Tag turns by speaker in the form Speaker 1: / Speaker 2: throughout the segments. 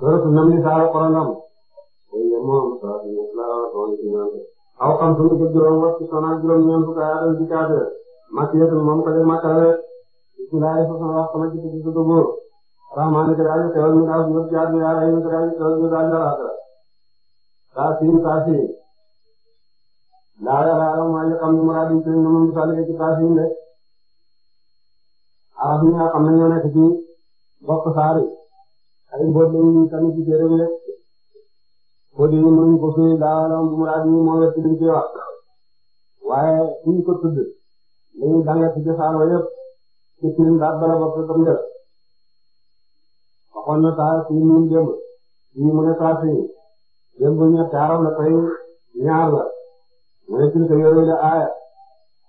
Speaker 1: loolu suñu namdi saa la korondam oye moom saa si nekk la war a toog ci ñaan aw xam suñu ko juróom wax ci sonaak juróom ñeent fukk ay atam ci kaafeer makiyatul moom ko de makkale bismillahi sosan wax sama ci ci suñu góor rahmaani ko daal xewal mi daal ñëpp jaar ñu yàlla yi ko daal xewal ñu daal jaraata saa siin saa siin laa yàlla mooy ñu xam ne muraad yi sëriñ moom misaal ci saa siin de arab ñi nga xam ne ñoo nekk ci bokk saari ay boot lañuy tamit ci téere bi rek boot yi mënuñu ko firi daa la muraad yi moo yor ci liñ wax waaye suñ ko tudd dañuy danga ci cosaan wa yëpp ci firim daat bala bopp tam def waxoon na taa fii miin démb fii mu ne taa fii démb ñetti arab la tey ñaar la mu ne tilka yooyu la aaya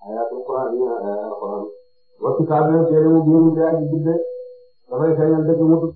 Speaker 1: ayatul qur'an aaya alquran wa kitaabin téere mu biir mu dee aji jibbe dafay feeñal dëgg mu tudd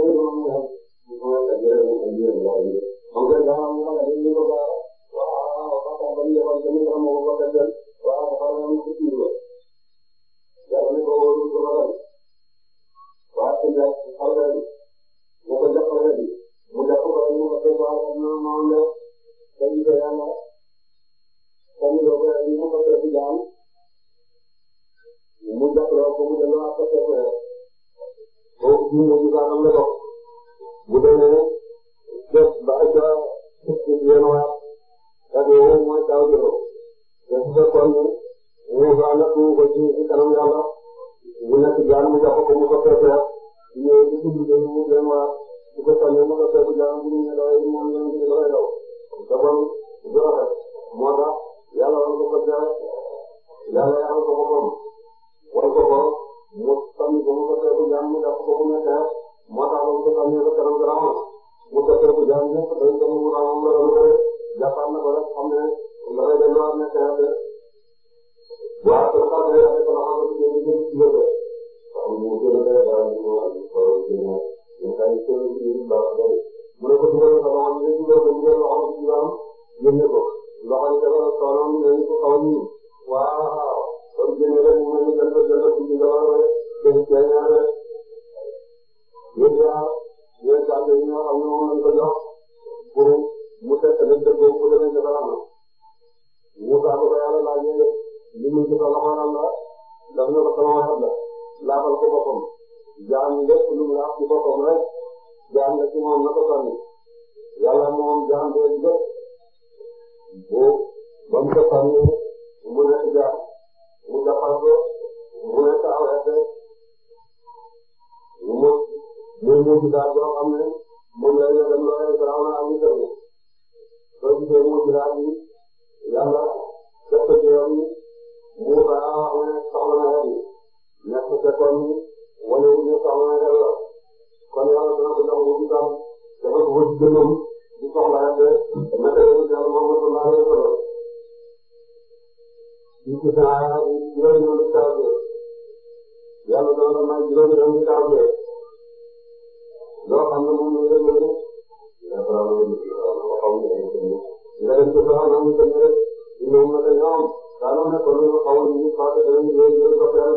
Speaker 1: ne ko loolu xaw ma ñu fàtte dañu leen leen ko teel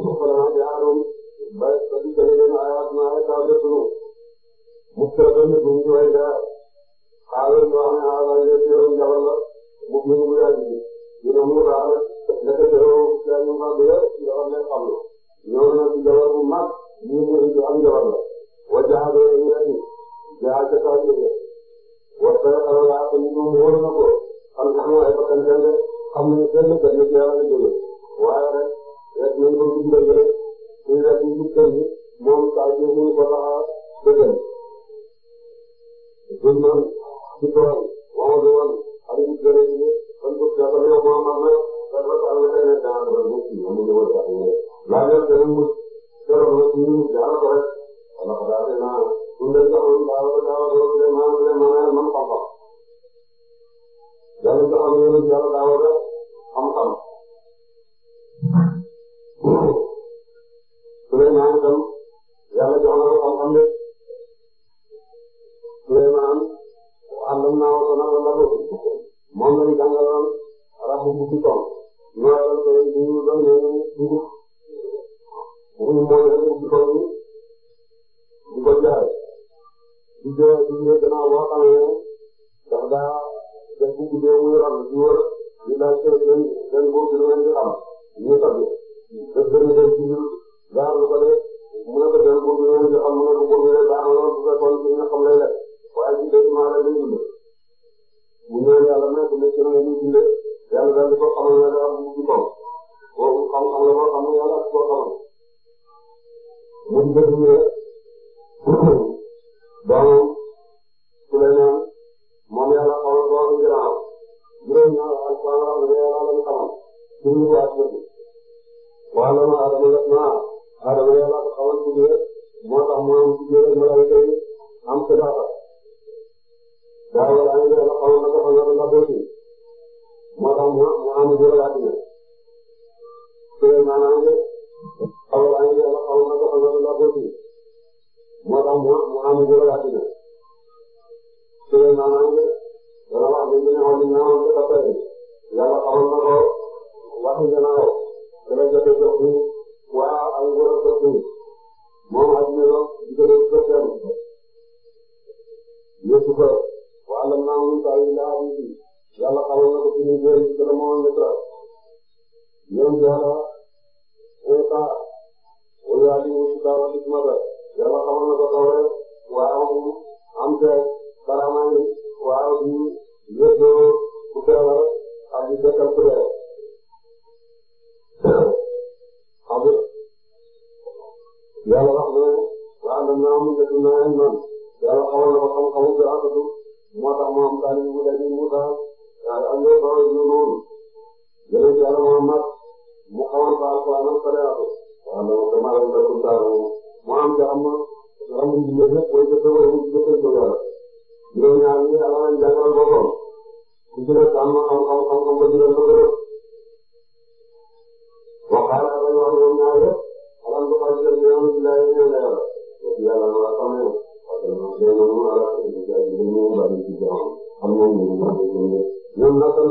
Speaker 1: de vraiment jaaxaloon ba ba di jëlee leen ay at naa ay taal de suñu mu teel ba nit ñi way gaa xaaral ñu wax ne ah laaj la ci yoon njabal la mu mu mu yaa ji ñu ne mu baax la nekk ci yow yaa ñu xam ne njabal lay xam la ñëw na ci njabal bu mag ñu ngi leen di am njabal la wa jaaxle ñu ne ci jaaxle saa jëlee wa teel xelal laa ko ñu mu wóor na ko xam nga xam nga ay bakkan xam ne benn benn ci yàlla la jógee waaye rek rek ñu ngi ko gis dëgg rek ñu nekk ñu gis dëgg moom saa yu ñu ko tax a dëggal. buñ doon ci tool waxu bi woon ak gis dëgg yi kon pour que dafa nekk moom am na dafa am na benn daan ba mu ci moom ñu war a jàppale. laa leen gën a mën keroog nag ñu ngi jàll ko rek wala ko daal di naan suñ leen joxoon daal ko daal ko vraiment vraiment man xam-xam. yàlla joxoon yéen a jàll daaw rek. am solo Souleymane itam yàlla jox na ko xam-xam de Souleymane àndam naa woon na ko ndax moom lañ jàngaloon rafu bu ci tool ñëwal tey bu ñu doon yéen dugub bu ñu mooy rek bu ci tool bi di ko jaay di jaay di ñëw gannaaw boo xamee dafa daa def bu guddee muy rab di wër ñu daal seen seen seen bopp bi ñu xam ñu toggee def benn benn ci ñun daal lu ko dee mu ne ko seen bopp bi ñu xam mu ne ko bopp bi rek baax na lool bu fekkoon ci nga xam lay def waaye ci des mois rek lañ dundee bu ñëwee yàlla nekk na ci ñu dundee yàlla daal di ko xamal ne daal mu ci kaw boobu xam-xam la boo xam ne yàlla ko xamal buñ def ñu rek daanaka suñu ko askan bi wax na ma Adama def naa Adama yàlla ko xamal ci biir moo tax mu am ci biir ak malaaka yi am sidaaqa daaw la am yàlla xamal na ko fa nga nga bokk moo tax mu mu am biir ak àddina Suleymaan ange daaw la am yàlla xamal na ko fa nga nga bokk moo tax mu mu am biir ak àddina Suleymaan ange dana wax ne ñu ne xool ñu naan ci kàttan yàlla xamal na ko waxu gannaaw dana jafe jox bi waaw ak ngóor a jox bi moom ak ñoom di ko def bëtëm yëpp ko wàllam naa mun taal yi laa am ci yàlla xamal na ko ci ñu jël moom ñu tra ñoom yàlla insa wala di ñu daawa ci ma ba yàlla xamal na ko tawre waaw am te karamaan waaw di yëpp ku feebar ak di xam yàlla wax na waa ànd ak maam ñu nekk naa leen noonu yàlla xamal na ko xam-xamu bi àndatu moo tax moom daal di wutee di Moussa ak ñoom Ba wala ñoom Nour yeneen yàlla moom nag mu xamal ko alquran ak sariyaatu waaw loolu damaa leen fekk mu mu am jaam ram yi ñu nekk booy jëfee wala ñu jëfee ko yàlla ñoom ñaar ñi yàlla lañ jàngal boppam ku ci nekk am na xam-xam xam-xam ba ci leen ko gërëm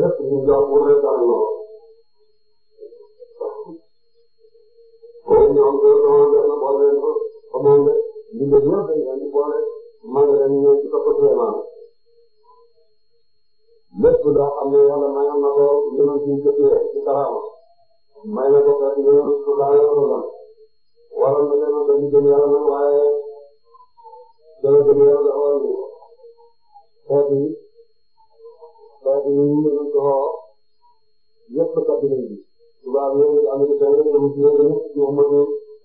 Speaker 1: ñëpp ñu jox pour rek jox lool. ñoom ñoo xamoon benn boole leen ko xamoon ne lii de ñëpp dañu leen di boole mën nga leen ñëw ci toppatoo maanaam. lépp loo xam ne yàlla mayoon na ko yéen ci jëfee ci karaama may na ko fekk yéen su laajoo ko lan waroon na leen ko di gëm yàlla nag waaye dana gëm yàlla dafa war a xeetu yi ñu yëngu ci woo ji tubaab yooyu américain yi yëngu ci yëngu yëpp ci ummatu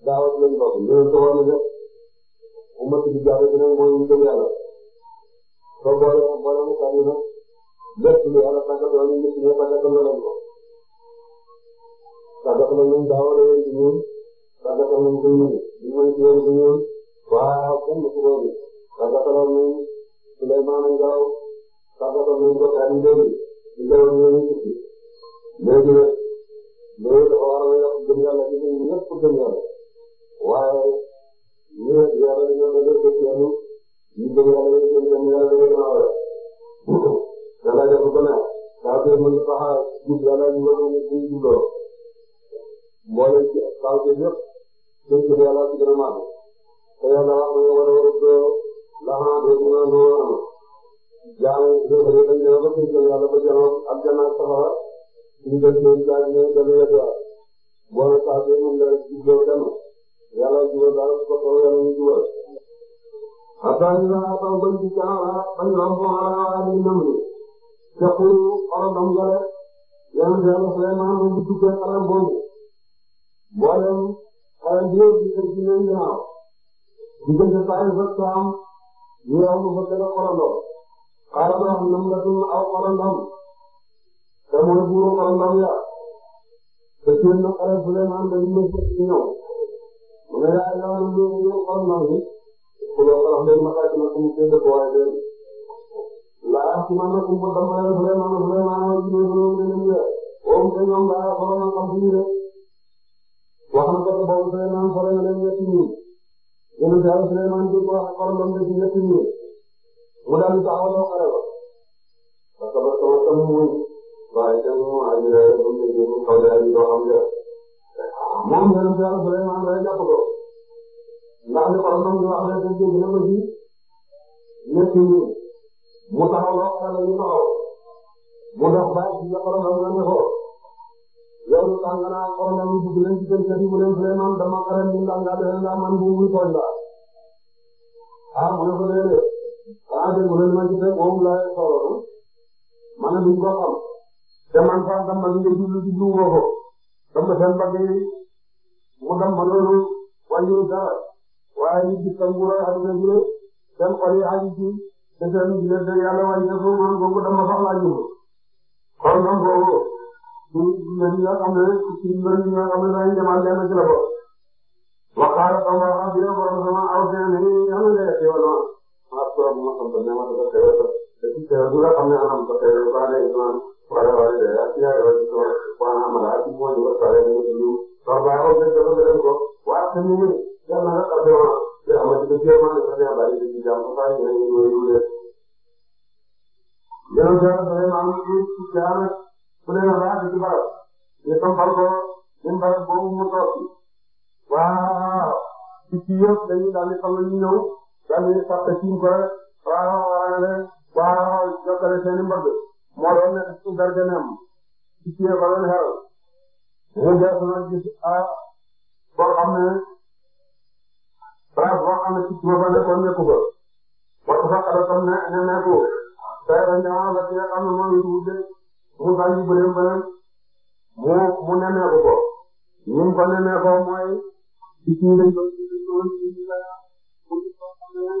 Speaker 1: daawat lañ bokk yëngu ci woon yëpp ummatu bi jaare dinañ mooy ñu gëm yàlla soo boole boole mu sànni nag lépp lu yàlla tàggat wala nit ñi tàggat nañ ko tàggat nañ daawat la yëngu ñun tàggat nañ ko ñun ñu waa kenn ku bëri tàggat nañ Souleymane Ngaw sababu ñu ko tànn léegi ñu doon ñëw ñu tukki léegi nag loolu dafa war a yokk gëm yàlla ci ñun ñëpp gëm yàlla waaye ñu ne yàlla dañoo doon def seen ñu gëm yàlla seen gëm yàlla dañoo doon awal yàlla dafa ko ne saa see mën tax a gis yàlla ñu doon ñu ci jubloo mboole ci saa see yëpp seen ci yàlla ci gën a màgg te yàlla wax na nga war a war a doo laxaan doo dina doo jaamu yooyu yëpp dañu demee ba suñu seen yàlla ba jëloon ak gannaaw safara ñu def leen daal ñu dem yëpp daal boole saa bi moom la jubloo kenn yàlla jubal daal su ko soobee yàlla ñu jubal. attaque bi daal taw bañ ci caa bañ loo ko war a war a dem ndemli teewul xarala nga def yàlla jëloon vraiment mu ngi tukkee xaral boobu mboolem xaral bi yëpp di ko jëlee ginnaaw diggante saa yu bëgg saa am ñu am lu fa gën a xaraloo. xaaral ma xam ne moom la ñu aw xoolal ndam te mooy buuru xoolal ndam ya te seen na xale bu leen am dañu leen fekk ñu ñëw mu ne yaa yaa ñu ñu ñu xoolal ndam yi bu loo xoolal leen ma xaaj na suñu seen dëkk waaye leen laa ci man nag mu dama leen bu leen am bu leen am ñu ñu ñu ñu ñu woon te ñoom daa xoolal na xam suñu rek wax na ko te boobu Souleymane xoolal na leen ñetti ñun yéen a jaar Souleymane di ko wax xoolal ndam de ci ñetti ñun mu daal di taxaw ñëw xare ko parce que ba sama tam muy waaye itam moom ay yore yore moom itam moom xaw naa yore xam nga moom yeneen saa la Souleymane day jàpp ko ndax li ko doon di wax rek dañ koy gën a bëgg ñetti mu taxaw loo xare ñu taxaw mu dox bàyyi ci ñax la xam nga ne ko yow li tax nga naan xaw ma ñu dugg leen ci seen kër mu leen Souleymane dama xare ah dégg nga li ma gis rek moom la soxla ma ne duñ ko xam te man sax dama li nga jublu jublu woo ko dama seen bëgg yi mu dem ba loolu wàññiwul dara waaye ñu gis tam bu rëy àdduna bi seen xol yi àññi ci te seen lépp yàlla wàññi ko loolu boobu dama sax laa jublu kon donc boobu ñu mel ni nga xam ne ci mel ni nga xam ne dañuy demal lenn ci la ko waxaala sama xam bi borom sama aw seen yi yàlla lay xéwal maa ko doon mos a doon ñëwaat dafa teew a def ci teew bi nga xam ne anam dafa teew dafa amee islam wala wala de ak ñaar yoo ci tool waa naa mën a ak mooy lu ko tawee mu ngi ñëw tool ba ak oom dafa gërëm ko waa te ñu ngi yàlla nga xam ne waa te amati ko jéem a ne sax yaa bari ci jàmm saa yi ñu ngi ñu def yàlla jaara sa leen am ci ci jaara su leen baax ci barab ñu sampal ko ñun barab boobu mu toog waaw ci ci yëpp dañuy daal di xam ne ñu ñëw dañuy soxla ci ko waaw waaw leen waaw jokkale seen i mbëgg moo doon nekk ci bergeneem ci kii ba doon xel mu des nag gis ah boo xam ne place boo xam ne ci kii ba nekkoon nekku ko wala sax dafa toog ne ne nekku tey dañ demoon ah, ba ci nga xam ne mooy wute mu bàyyi bëreem bëreem mu mu nemmeeku ko ni mu ko nemmeekoo mooy ci kii dañ ko wala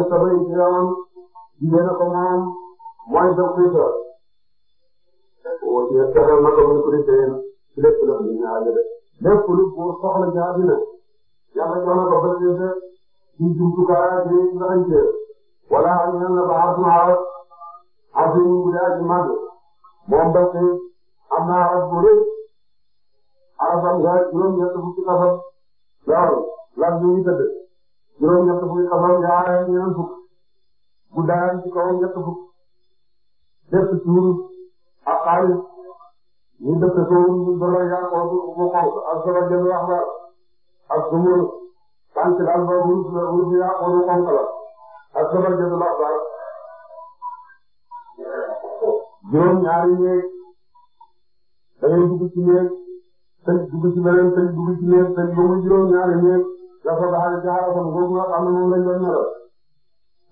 Speaker 1: mooy saba yi ci réewam jigéen a ko moom mooy def kuy soor woo ci fexeel na ko muy kuy seen ci lépp la mu ñaar de lépp lu buur soxla ñaar dina yàlla jox na ko bëccëg ci jumtukaay bi ndax ñu wala ñu ne la ba xartu xaras xartu ñu bu dee ci màgg moom bëccëg am na xaras bu rëy xarasam nga juróom ñett fukki xasam loolu lan ñu tëdd juróom ñett fukki xabroom yaayam ñeent fukk guddaayam ci kaw ñett fukk def ci suuf ak xaalis ñu def ko ñu dollars yi ak kooku mu xonk ak soxla jënd wax ba ak sumu tànk daal ba mu mu mu yaa ko mu xonk la ak soxla jënd wax ba juróom ñaari néeg da ngay dugg ci néeg tëj dugg ci beneen tëj dugg ci néeg tëj ba mu juróom ñaari néeg def ko ba ci xarafam googu nga xam ne moom lañ doon ñëloon.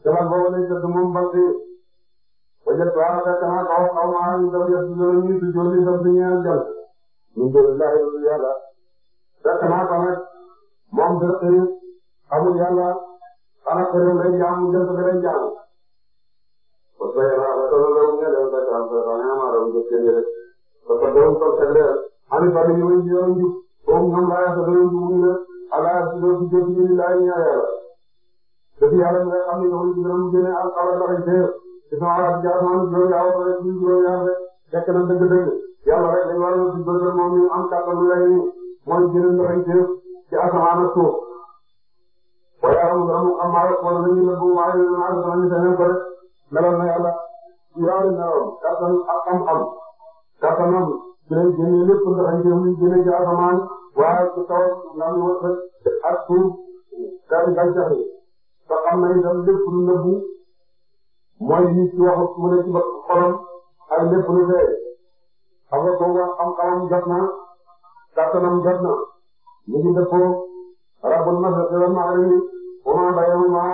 Speaker 1: defal boobu lañ jot moom bal bi ba jot waaw fekk naa kaw xaw ma ñu def jot loolu ñu si jooni def si ñaar jël. ñun de laaj la yàlla. fekk naa ko nag moom dëkk yi amul yàlla xanaa ko dem day jaamu jël ko day jaamu. kon sooy yàlla ba tolloo loolu nga dem ba ca ba ñaama doon jot seen yële. parce que doon toog seen leer. xam nga ni ñu ngi ci yoon bi. foofu ñoom laaj la doon dugg ñu ne. allah si doo si jënd li laay mi nga xam ne yow dina mu génne ak xaw a doxee teew ci sama laaj bi asmaan bi juróom yàlla wala suñu juróom yàlla rek fekk na dëgg-dëgg yàlla rek dañu war a si bëgg moom ñu am kàttanu lay mooy génne doxee teew ci asamaan ak suuf. waaye am na mu am maa wala dañuy nëbbu waaye dina am sama nit a ñëw ko rek meloon na yàlla yaa ngi meloon kàttan ak am-am kàttanam ci lay génne lépp doxee teew muy génne ci asamaan. waaye su taw lan moo rafet ak suuf daal gàncax gi te xam na itam lépp lu nëbbu mooy li ci wax mu ne ci bët xolam ak lépp lu fee xam nga kooku xam-xamam jot na kàttanam jot na ñu ngi dëppoo rabbul masjidil haram wa ma baynahuma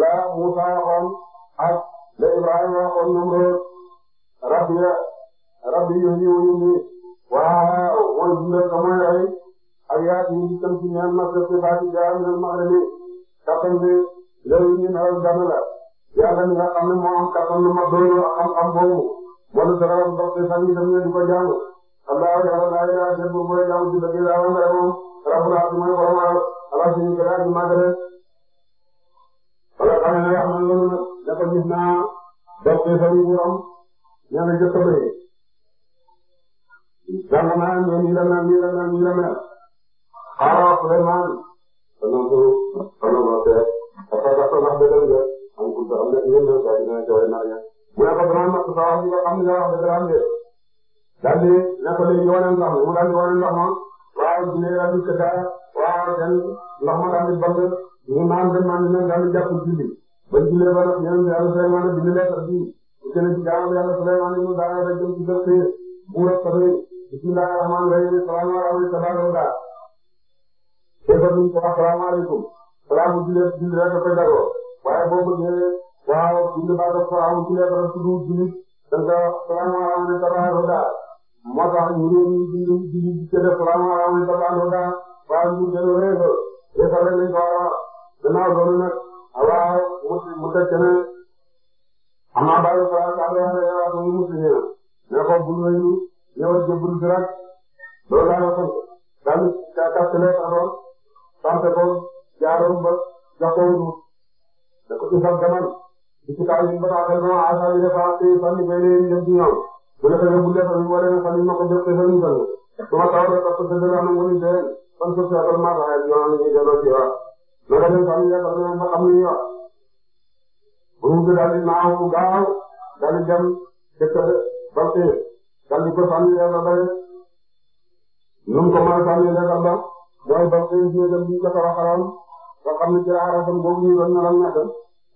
Speaker 1: la Musa waxoon ak la Ibrahima waxoon Namrud rabbi rabbi yuhyi wa yumit waaw koy dundal ba muy rey ak yaay ñu ngi tënk ñaar macha allah baati jaaram ñoom maa ngi leen kattan bi léegi ñu nawet dana la yàlla mi nga xam ne moo am kattan lu ma doon ak xam-xam boobu wala dara ba te fan yii tamit di ko jàng allah yàlla naa yaa jël bu muy jàng ci dëgg yàlla mbay moom rabu naa fi muy borom ala si ñu gëlaat ñu màgg rek wala xam ne yoo xam ne loolu nag dafa gis naa ba te fan yii bu am ñaari jëkkër yi. Suleymaan ne nii la mel nii la mel nii la mel xaaral Suleymaan dana ko dana ko seet dafa dafa wax ku am na yéen ñëw gars yi dana coow nar mu ne ko dana mat sa wax li nga xam ne wax dëgg la am de daal di ne ko wane ndox mi mu daal di wane ndox ma waaw dina daal di tëdda waaw kenn ndox ma daal di bëgg ñu naan dem naan ne daal di jàpp julli ba jullee ba nag yéen yàlla Suleymaan bind lettre bi bu kenn ci jaamu yàlla Suleymaan mu daal di jëm ci dëkk buur bismillahir rahmanir rahim salaamaaleykum salaamaaleykum daal. béykat bi wax salaamaaleykum. salaamu julli julli rek koy dagoo. waaye boo bëggee waaw julli baax na salaamu julli rek la tudd julli. donc salaamaaleykum salaamaaleykum daal. moo tax ñu ne ñu julli julli ci def salaamaaleykum salaamaaleykum daal. waaw ñu jël réew. béykat rek lañ ko war a. danaa doon nag. waaw mu mu tëj que ne. amaa baalu salaam salaam wa rahmatulah. ne ko bul wéylu. ñëwal jébbalu si nag loolu laa la sant daal di kaa kàttalee xaroon sant ko jaaroon ba jox ko wut da ko ci sant man di ci taal bi ba taxal non asaa yi dafa am tey fan yu bëri yi dem ci ñoom bu la fexe bu dee fa bi wala ne fan yu ma ko jot te fa ñu bëri su ma taw rek parce que dëgg la am nga ni dee fan suuf si atal maa taxee ñoo xam ne ñu delloo ci waaw loolu dem fan yu yàgg ak ñoom ba xam lu ñuy wax bu mu daal di naaw gaaw daal di dem dëkk ba tey daldi ko sànni leeral ba yéen nu mu ko mën a sànni leeral ba mooy ba xëy na dem bi ñu ko ko waxaloon nga xam ne ci aarasam boobu ñu doon ñaanal ñett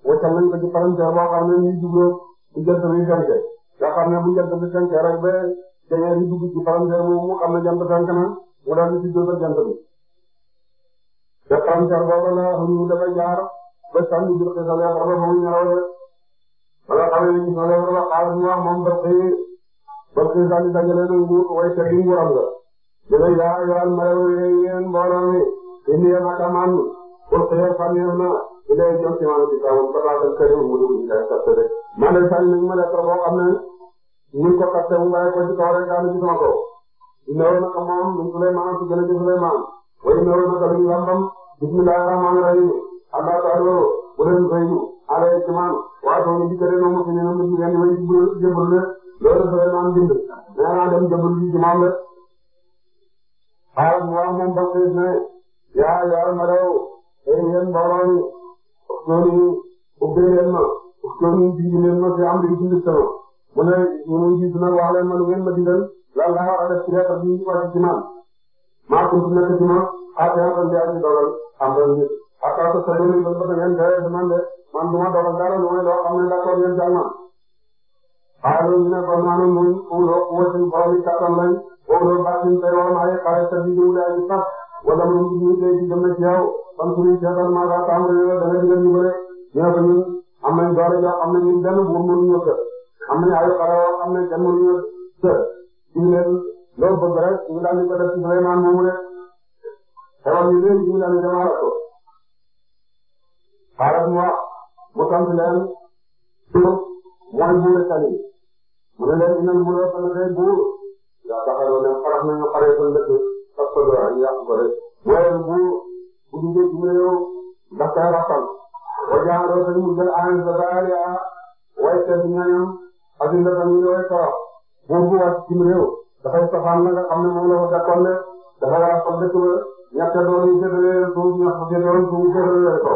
Speaker 1: waccal nañ ko ci palanteer boo xam ne ñuy jubloo bu jant bi fenke nga xam ne bu jant bi fenke rek ba jañeer yi dugg ci palanteer boobu mu xam ne jant fenk na mu daldi ci jógal jant bi te palanteer boobu la ñu dafa jaar ba sànni bi xëy sa leeral ba mu ñaraw rek ba nga xam ne ñu sa leeral ba xaalis mu wax moom ba xëy kon kii daal di dajale na nguur way tegi nguuram la. dina yaa yaa mbarew yi yéen mbooloo mi. indi yéen ak amaan. pour que yéen fan yéen a. su dee jëm ci maanaam ci kawam ba tax a kër yi mu dugg ci kër kàttan rek. man de sànni nañ ma lettre boo xam ne. ñu ko kàttan mu bàyyi ko ci kaw rek daal di gis ma ko. ñëwoon naka moom ñu Souleymane su jëlee ci Souleymane. waaye ñëwoon naka li ñu lambam. bismillahir rahmanir rahim. allah taala bu leen rëyu. alayhi salaam. waaw soo ñu dikkee de ñoom ñu ngi leen di wéy di jébal leen loolu Souleymane bind. nee naa dem jëmul ji ci moom la. xaaral mu wax moom ba ma daw. ay eh, yéen mbooloo mi. waxtaan wi ubbi leen ma. waxtaan wi ji ma fi am li bind sama. mu ne ma lu ngeen ma digal. lan a def ci lettre maa ngi tudd nekk ci man. ah tey atal yaa ngi dogal. am na nit. ah parce que sa yéen a ngi doon ba te man du ma dogal dara lu may doon xam ne d'accord ngeen xaaral ñu ne ko noonu muy uuloo wëcc borom yi kattan lañ uuloo baatin te woon ay xare te di wute ay fas wala mu ngi ñu tey ci jëm ci yow kon suñu seetal maa daa tàmbali yow da nga digal ñu bëre ñu ne ko ñun am nañ doole jox am nañ ñun benn buur mënuñu ko am nañ ay xare yoo xam ne kenn mënuñu ko ñu leen loolu bëgg rek ñu daal di ko def ci Souleymane moomu rek xewal ñu leen ñu daal di demaral ko xaaral mu wax mu sant leen mooy buur Salim mu ne leen dinañ mën a sonal rek buur yaa taxaw ne xarax nañu xaree sa ndëkk ak sa doole ñu yàq ko rek. waaye buur bu duggee ci réew ndax kay rafal wa jaaroo sa ñu jël aan sa baari a waaye seen ñañam ak ndëkam yi way torox buur bu wàcc ci réew dafay safaan la nga xam ne moom la ko fekkoon de dafa rafal dëkk ba ñàkk doon ñu jëlee suuf ñàkk doon suuf jëlee ko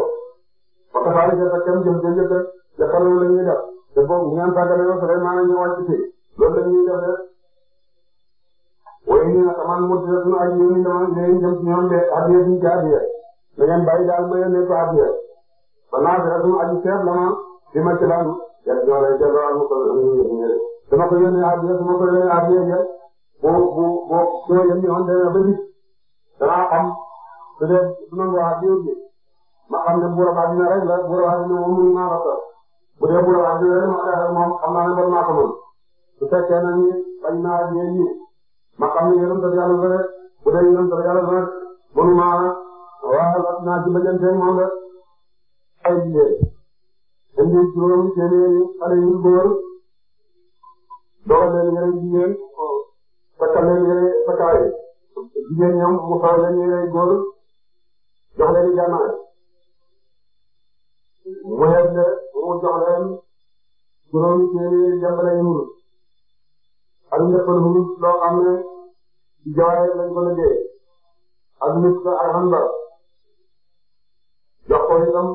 Speaker 1: ba taxaari jëf ak kenn jëf jëf jëf jëf la ñuy def te foofu bu ngeen sàgganee Souleymane ñu wàcc ci loolu la ñuy def rek waaye ñu ne man mu dina suñu aji yéen dama leen jëm ci ñoom de addiya duñ ci addiya na ngeen bàyyi daal ba yéen nekk addiya ba naa fi suñu aji seet la ma fi ma ci lan yàlla ñoo lay delloo ak mu ko dama ko yónnee addiya su ma ko yónnee addiya ja boo boo boo soo yéen ñoom demee ba gis danaa xam su dee su ma ngoo addiya ji ma xam ne buur ba dina rek la buur ba dina moom mënu maa ko bu dee bu rajo yooyu ma xeex ak moom xam naa ne man maa ko mën su fekkee ne nii bañ naa ak yéen ñi ma xam ne yéen a ngi yàlla bëre bu dee yéen a ngi yàlla bëre mënu maa la waaw naa ci bëjanteeg moom rek ay jigéen indi juróom téeméeri xale yu góor dogal leen yére jigéen takkal leen yére takkaay jigéen ñoom mu faral leen yére góor jox leen gànnaay wéyal de pour mu jox leen juróomi téeméeri jàmbale yu wut ak njëkkal wut loo xam ne ci jaay lañ ko liggéey ak nit ka ak handal jox ko itam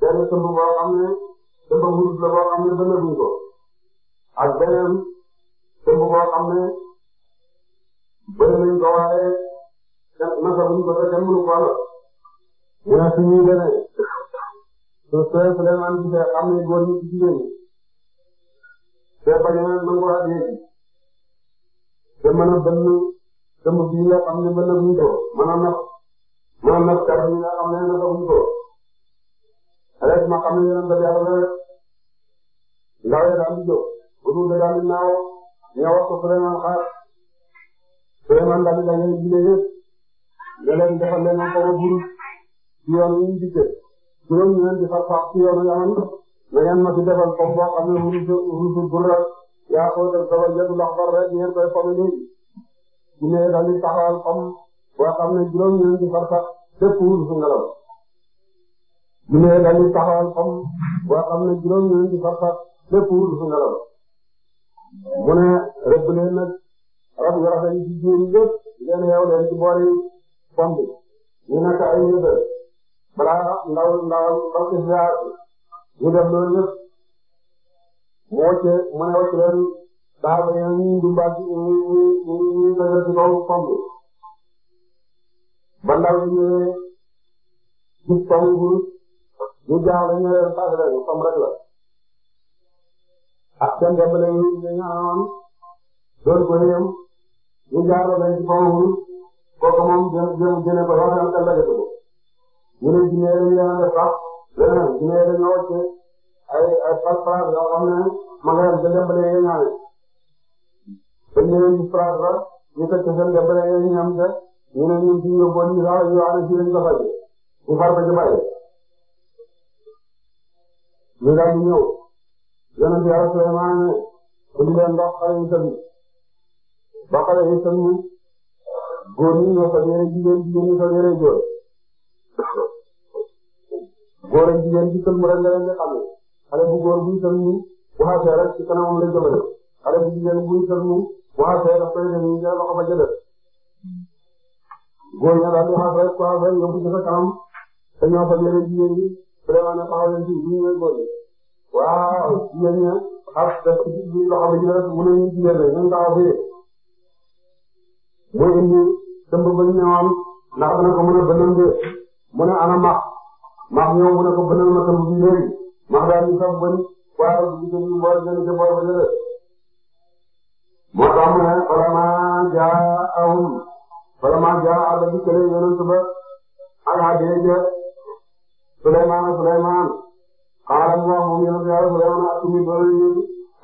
Speaker 1: benn tëmb boo xam ne tëmb wut la boo xam ne dëndaguñ ko ak beneen tëmb boo xam ne bëri nañ ko waaye naka buñ ko defee mënu ko wàll. ñaata ñuy demee. te sooy Souleymane gisee xam ne góor ñi ci jigéen ñi te bañ a nangoo ak yéegi te mën a bënn dëmb bii nga xam ne bënn buñ ko mën a nax mën a nax kàr bi nga xam ne nafa buñ ko rek ma xam ne yeneen daf yàlla la rek ndaw ya daal di jóg bu dul daal di naaw nga wax ko Souleymane xaar Souleymane daal di da ngay jigéen yëpp nga leen defal leen ko ba buru ci yoon wi ñu dikkee juróom-ñeent sax sax ci yoonu yaman yeneen ma ci defal ko boo xam ne wurusu wurusu burra yaa ko def daba jëtu ndax bar rek ngeen koy xool léegi su ne dañuy taxawal xam boo xam ne juróom-ñeent sax sax fépp wurusu ngelaw su ne dañuy taxawal xam boo xam ne juróom-ñeent sax sax fépp wurusu ngelaw mu ne rëbb leen nag rab yu rafet yi ci jiw yëpp leen yeew leen ci boori pompe ñu nekk ay yëpp balaa ndaw ndaw ndaw si ziar ñu def loolu yëpp mu wëcce mu ne wëcce leen saaba yi ñu dumbaat ñu ñu ñu ñu dajal ci kaw pom bi ba ndaw ñu ñëwee gis pom bu ñu jaaxle ñu leen fàtte leen pom rek la ak seen dembale yi ñu ñaanoon doon ko yem ñu jaaxle leen ci pom bu kooku moom jën jën jëne ko wax na kàlla yeneen jinne dañu leen a def sax yeneen jinne dañoo wàcce ay ay pas-pas yoo xam ne ma nga dem jëmbale yee ñaare dañu leen di phrase la ñu teg ci seen jëmbale yee ñam te ñu ne ñun suñu yóbboo ñu daal ñu wax ne fii lañu ko faj bu far ba ci bàyyi ñu daal di ñëw yeneen bi yàlla Souleymane ne indi leen ndox xale yu tamit ba xale yu tamit góor ñi ñoo fa yore jigéen jigéen ñi fa yore góor góor ak jigéen ci sëlmu rek nga leen di xamee xale bu góor buy sëlmu waxee rek ci kanamam la jëmale xale bu jigéen buy sëlmu waxee daf koy dem ñu jël loxo ba jëlee góor ña daal di waxee ku waxee yóbbu ci sa kanam te ñoo fa yére jigéen ñi vraiment ne xaw leen ci ñu ñooy góor ñi waaw jigéen ña ak def ci loxo ba jëlee mu ne ñu jigéen rek ñu ngi taxaw fii mooy indi dëmb ba ñu ñëwoon ndax dana ko mën a bëndandee mu ne ana max max ñëw mu ne ko bënal ma tëmb bi léegi max daal di saf bën waaye bu ñu tëmb boor jëlee ca boor ba jëlee moo tax mu ne falama jaahum falama jaa ba dikkale yonent ba alhadee ja Suleymaan Suleymaan xaala mu wax moom yonent yàlla Suleymaan atumi doole ñu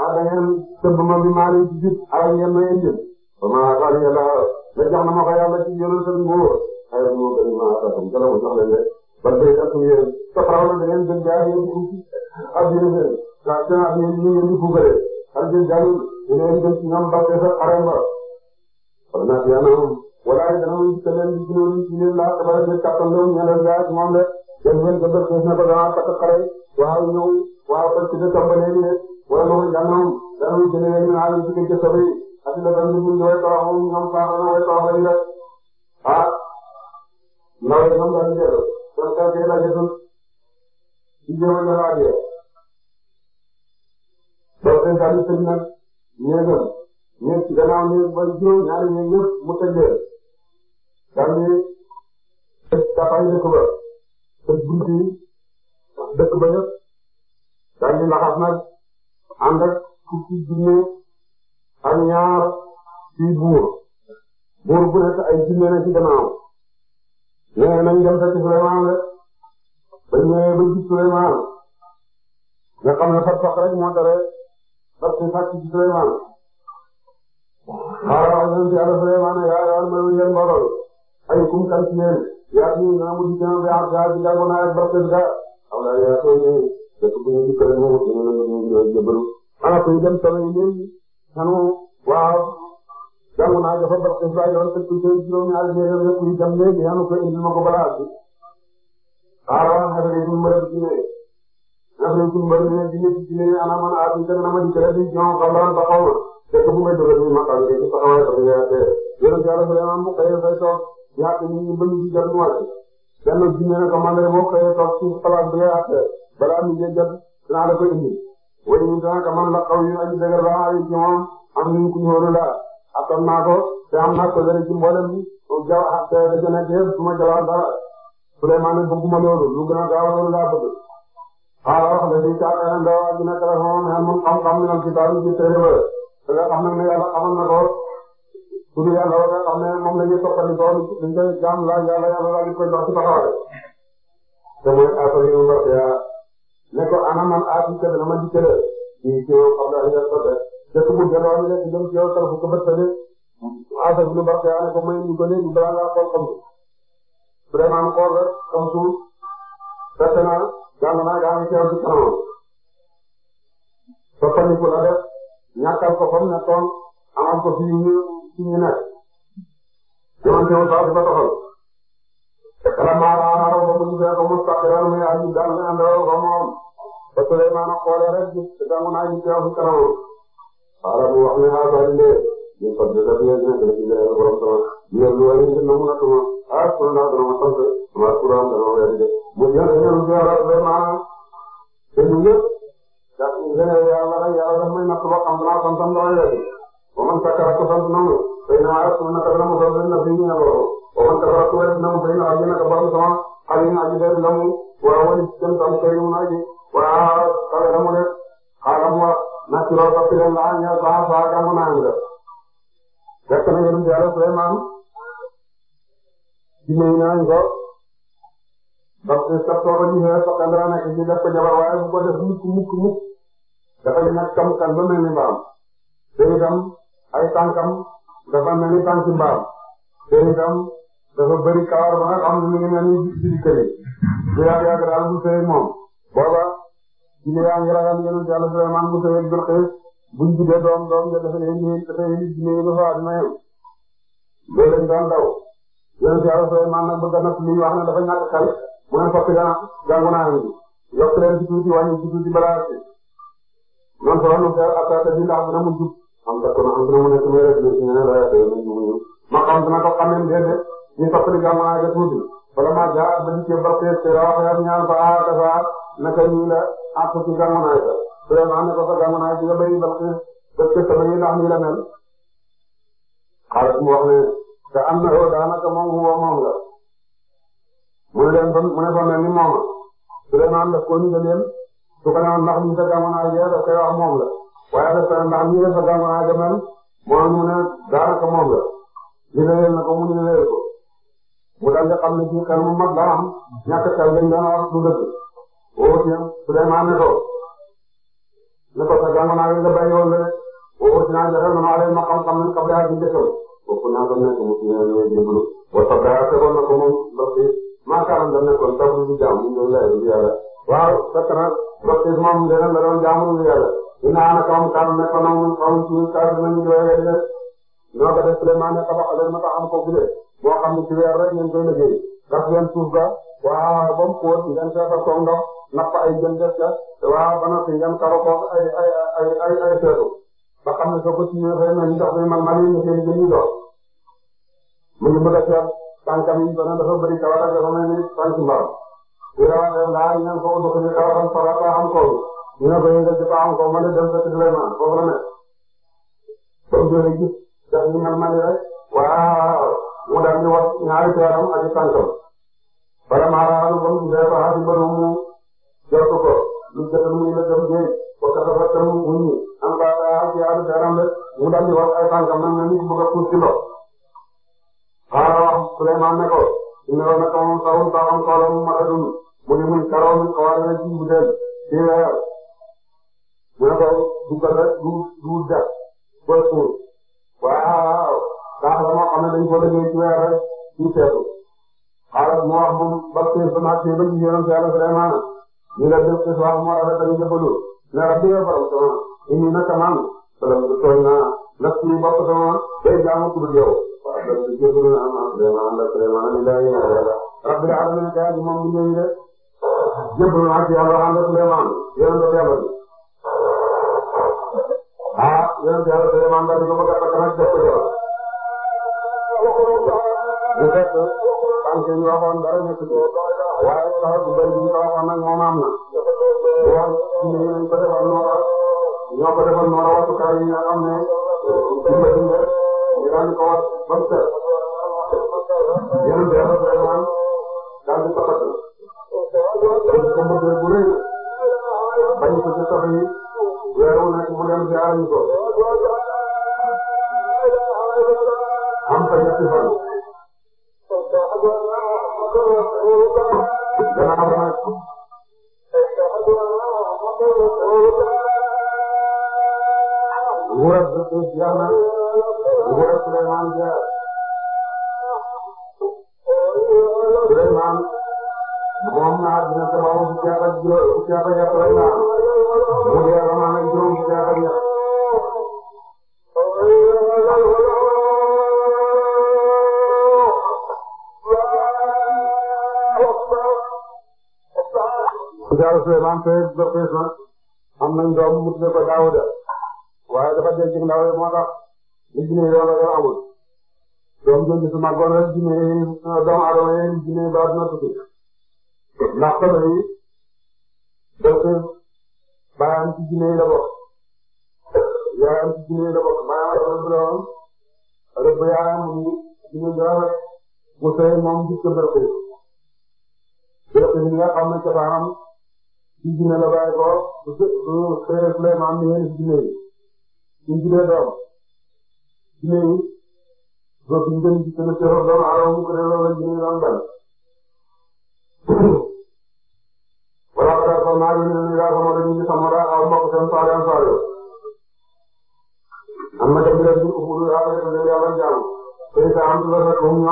Speaker 1: ak da ngeen tëmb ma bi maa leen ci jub alal ngeen ma yéen jël ba ma xaar yàlla la jox na ma ko yàlla ci yonent nguur xayma ñoo gën a a taxaw gën a ko jox leen rek ba tey ak yéen te faaw na da ngeen gën jaay yéen di ab yéen ndax seen ab yéen ñu ngeen di puukaree ak yéen jaayul ñu leen gën ci ñoom ba tey sax xarala ba. kon naaj yaa naan walaay dana mën ci leen di gunóor yi ci leen laaj ba la jël kàttan doom ñu leen jaay ci moom de yéen ngeen ko def na ko gannaaw takk xare waaw ñëw waaw parce que tomb léegi de wala loolu jàngoom dana mën ci leen ñu naan ci kër gi sobri ak la ban ñu ñu way toroxu ñoom faax na way toroxu rek ah loolu itam daal di delloo soo ko defee dajatul di jéem a joxe adiya soo nag néegam néeg ci gannaaw néeg ba juróom ñaari néeg mu tëj leen daal di tëj dafay dëkk ba dëkk ba yëpp daal di laxas nag ànd ak fukki junne ak buur buur bu nekk ay junne na ci gannaaw. ñëwee nañ dem fekk Souleymane rek ba ñëwee ba gis Souleymane nga xam ne fat sax rek moo tere fat si fàcc ci Souleymane xaaral wax nañ ci àll Souleymane yaa yaa ma yéen mbooloo ay kum kan ci yéen yaa ñu naa mu di gën a baax yaa di dàggoon ak barke bi daa xam naa yaa soo ñëwee dëkk bu ñu dikkee moom dañu leen di jëbalu ana kuy dem sama yi léegi xanu waaw jàngu naa dafa ba Ibrahima dëkk ci juróom-ñaari jéego yëpp yi dem léegi yàlla ko indi ma ko balaa bi xaaral xaaral yi ñu mbërëb ci ne xaaral yi ñu mbërëb ne di nekk ci ne ana man aati teg na ma di kër di ñoom xam daan ba xaw ma fekk bu may dugal ñu ma xam ne ci taxawaay dafa yaate yéen ci yàlla vraiment mu xëyee fay toog yaate ñu ñu bëgg ci jàngu wala yàlla ji ne ko man de boo xëyee toog ci xalaat bi yaate balaa mi ngay jot dinaa la ko indi way ñu daanaka man la xaw yu aji dëgër ba ay ci moom am nañ ku ñu la attan naa ko te am naa ko léegi ci mboolem ja te dañu nekk yëpp su ma jëlaat dara Souleymane bëgguma loolu lu gën a gaaw loolu laa bëgg. waaw wax dëgg yi caa xëy na daaw ak dina xelal moom xel moom xam-xam ñu naan ci taal bi ci teel a bëri te nga xam ne yàlla xamal na ko suñu yàlla ba nga xam ne moom la ñuy toppandi tool dañ koy jaam laaj yàlla yàlla daal di koy jox ci taxawaay. te mooy affaire yu nga ne ko ana man aati kër dama dikkee ci xam naa li nga ko def. dëkk bu gënoon rek jëm ci yow kàlla fu ko bëttalee affaire bi lu baax yaa ne ko may ñu ko léegi balaa ngaa xool xam vraiment xool rek xam suuf fekk naa jàng naa daa ngi teew ci kanamam. soppandiku la def ñàkkal ko fa mu nekkoon amal ko fi ñu fi ñu nekk. jamono teewul baax di fa doxal. vraiment daanaka ba mu gisee ba mu sax daal muy àgg daal di àndal ba mu am ba Souleymane xoolee rek gis dangu naa ñu teew ci kanamam. xaaral mu wax ne xaaral ko andi leen ñu fàttali ne daf leen nekk ci biir borom sama ñoom ñu wane ngir nangu nag sama ah suñu ndax dana ma sant sama kuram dana ma weer de mu ñor ñor ñu yàlla lool maanaam te ñun ñëpp daa ñu gënee yàlla rek yàlla daf may natt ba xam naa sant am dama yegg ba man sakkara ko sant nangu tey naa rek mu naka dana ma sant na fi ñu ne loolu ba man sakkara ko rek nangu tey naa gën a ko borom sama xale yi naa ci dee ndamu waa wani jëm tam tey mu naa ci waa xale dama def xaaral mu wax na ci rool ko filen laa ñor baax baax gàmmu naa nga fekk na yonent Yàlla Suleymaan ci may nañ ko ba soo ko gisee Sakandara nekk ci def ko jabar waaye bu ko def mukk mukk mukk dafa nekk kam kan ba mel ni mbaam te itam ay tànkam dafa mel ni tànki mbaam te itam dafa bëri kawar ba nga xam ne mu ngi mel ni jib jib këri bu yàgg yàgg daal bu sëy moom booba jinne yaa ngi ragal yonent Yàlla Sulaymaan bu sëyeeg Bilqiis buñ judee doom doom nga defe ne nii dafa indi jinne yi dafa aduna yow loolu lañ doon daw yonent Yàlla Sulaymaan nag bëgg na li wax ne dafa ñàkk xel mu ne fokk gana jàngu naa ngi yokk leen ci tuuti wàññi ci tuuti balaa ci man solo nu fer affaire bi ndax dina mu jub am dakko na am dina mu nekk mere bi ñu ne la yaay ñu ñu ma xam dina ko xamee déedé ñu fokk di jàngu naa ga tuuti wala ma jaa ba ci barke te wax ya ñaan fa ha ah, dafa naka ñu la àq ci jamonoy ba Souleymane ne ko fa jamonoy bi nga béy mbokk def ci sama yi ndax nii la mel xaaral mu wax ne te am na yow daanaka moom wu woo moom la mu ne leen fa mu ne fa mel ni moom la Souleymane daf koo niite leen su ko newoon ndax nii sa jamonoy bi daf koy wax moom la waaye daf koy ndax nii la sa jamonoy ba mel moom mu ne daanaka moom la ñu ne leen ne ko mu ñu leen ko mu daal di xam ne ci xel mu mag la am ñàkk xel dañ doon wax du dëgg. waxuñu Souleymane ne ko ne ko sa jàng naa leen nga bàyyi woon rek waxu dinaa joxe na maa leen ma xam-xam nañ xam daa di njëkkal foofu naa ko nekk mu suñu ñëwee déglu wasa daa tegoon na ko moom ndox bi maakaaroon da nekkoon tabu bi jaam ñu doon lay bi yàlla waaw fekk na ndox bi moom leneen la doon jaamu bi yàlla dinaa na kawam kaanu nekkoon na mu xamu suñu kaatu nañu jooyee de ñoo ko def Souleymane ne tabax leen ma ko am ko guddee boo xam ne ci weer rek ngeen koy liggéey ndax ngeen suuf ba waaw ba mu xóot ngeen seetal ko ndox napp ay jën def ca waaw ba noppi ngeen xaru ko ay ay ay ay ay seetu ba xam ne soo ko ci dafay mel ni ndox mi man man la seen jën yi doon mu ngi bëgg a seet tànkam yi ba dafa bëri kawar ak dafa mel ni tànk mbaram ñu dawa def ndax ñan ko dugg ci kawaram farata am ko ñu ne ko yëngal ci ko am ko ma ne dem sa ci vraiment foofu la nekk ba mu jógee gis def ñu man man rek waaw mu daal di wax ñaari teeram ak tànkam bala maa raadu ba mu gisee ba xaasi ba mu jokk ko lu jot lu muy la gëm dee ba ka dafa tëm wuññi am ba taa ci àll beeram rek mu daldi wax ay tànkam nag na nit bëgg a puus ci ndox xaaral wax Souleymane ne ko inna la naka moom sawum sawam soolam mu mara dund mu ne muy karaw mi xawaare rek ci budeel ci weer mu ne ko du ko rek du du def booy suur waaw ndax la moo xam ne dañ ko liggéey ci weer rek ci seetu xaaral mu wax moom ba tey ba naat ci ba ci yéenam ci àll Souleymane ñu ne bépp soxla moo rafet la ñu jëfandu ne rabbi nga borom sama indi naka man salam tooñ naa naf suñu bopp sama day jaamu ku dul yow waaw donc jëfandu na am Souleymane la Souleymane la rabbil alamin kay ak moom bu ñëwee de jëfandu naa ci yàlla xam nga Souleymane yéen a yàlla bi ah yéen a yàlla Souleymane daal di ko bëgg a takk nag def ko jëf bu fekk tànk yi ñu waxoon dara nekk ci waaye taw bi benn bi taw nag moom am na. bu wax ñu ngi ko defal noora ñoo ko defal noora watukaay yi nga xam ne dimba dimba ñu daal di ko wat ba mu set. yéen a jëloon vraiment daal di taxaw ci. parce que mbëggee bu rëy bañ ko ci soxla yi weer wu nekk mu dem jaar ñu ko. am fa ñetti fan. nguurab Bilqiis jeex na nguurab Suleymaan jeex Suleymaan moom naa dina tabax fukki at ak juróom fukki at ak ñett rek la mu dee ba maanaam juróom fukki at ak ñett Daaru Suleymaan te ba fees na am nañ doom mu tuddee ko Daawuda waaye dafa denc ndaw yi moo tax li jinne yi doon ragal amul doom jooju su màggoon rek jinne yi doomu aadama yi jinne yi balaa dina tukki ndax sobe yi dafa fees baayam ci jinne yi la bokk yaayam ci jinne yi la bokk baayam rëbb la woon rëbb yaayam mu jinne yi rafet mu sey moom gis ko bërëb yi bërëb yi nga xam ne cosaanam ci jinne la bàyyi ko bu xëyre Souleymane ni yéen ci jinne yi suñ juree doom jinne yi doo fi ngeen gis ne seexal doomu aadama mu ko delloo la jinne yi doon dal wala ko daal kon naa yónni ni daa sama dañu ngi sama daa aw mbokk seen soxla am soxla am na dem leen di ubbi daa ko defal leen yàlla jàmm tey sa am la fekk ñoom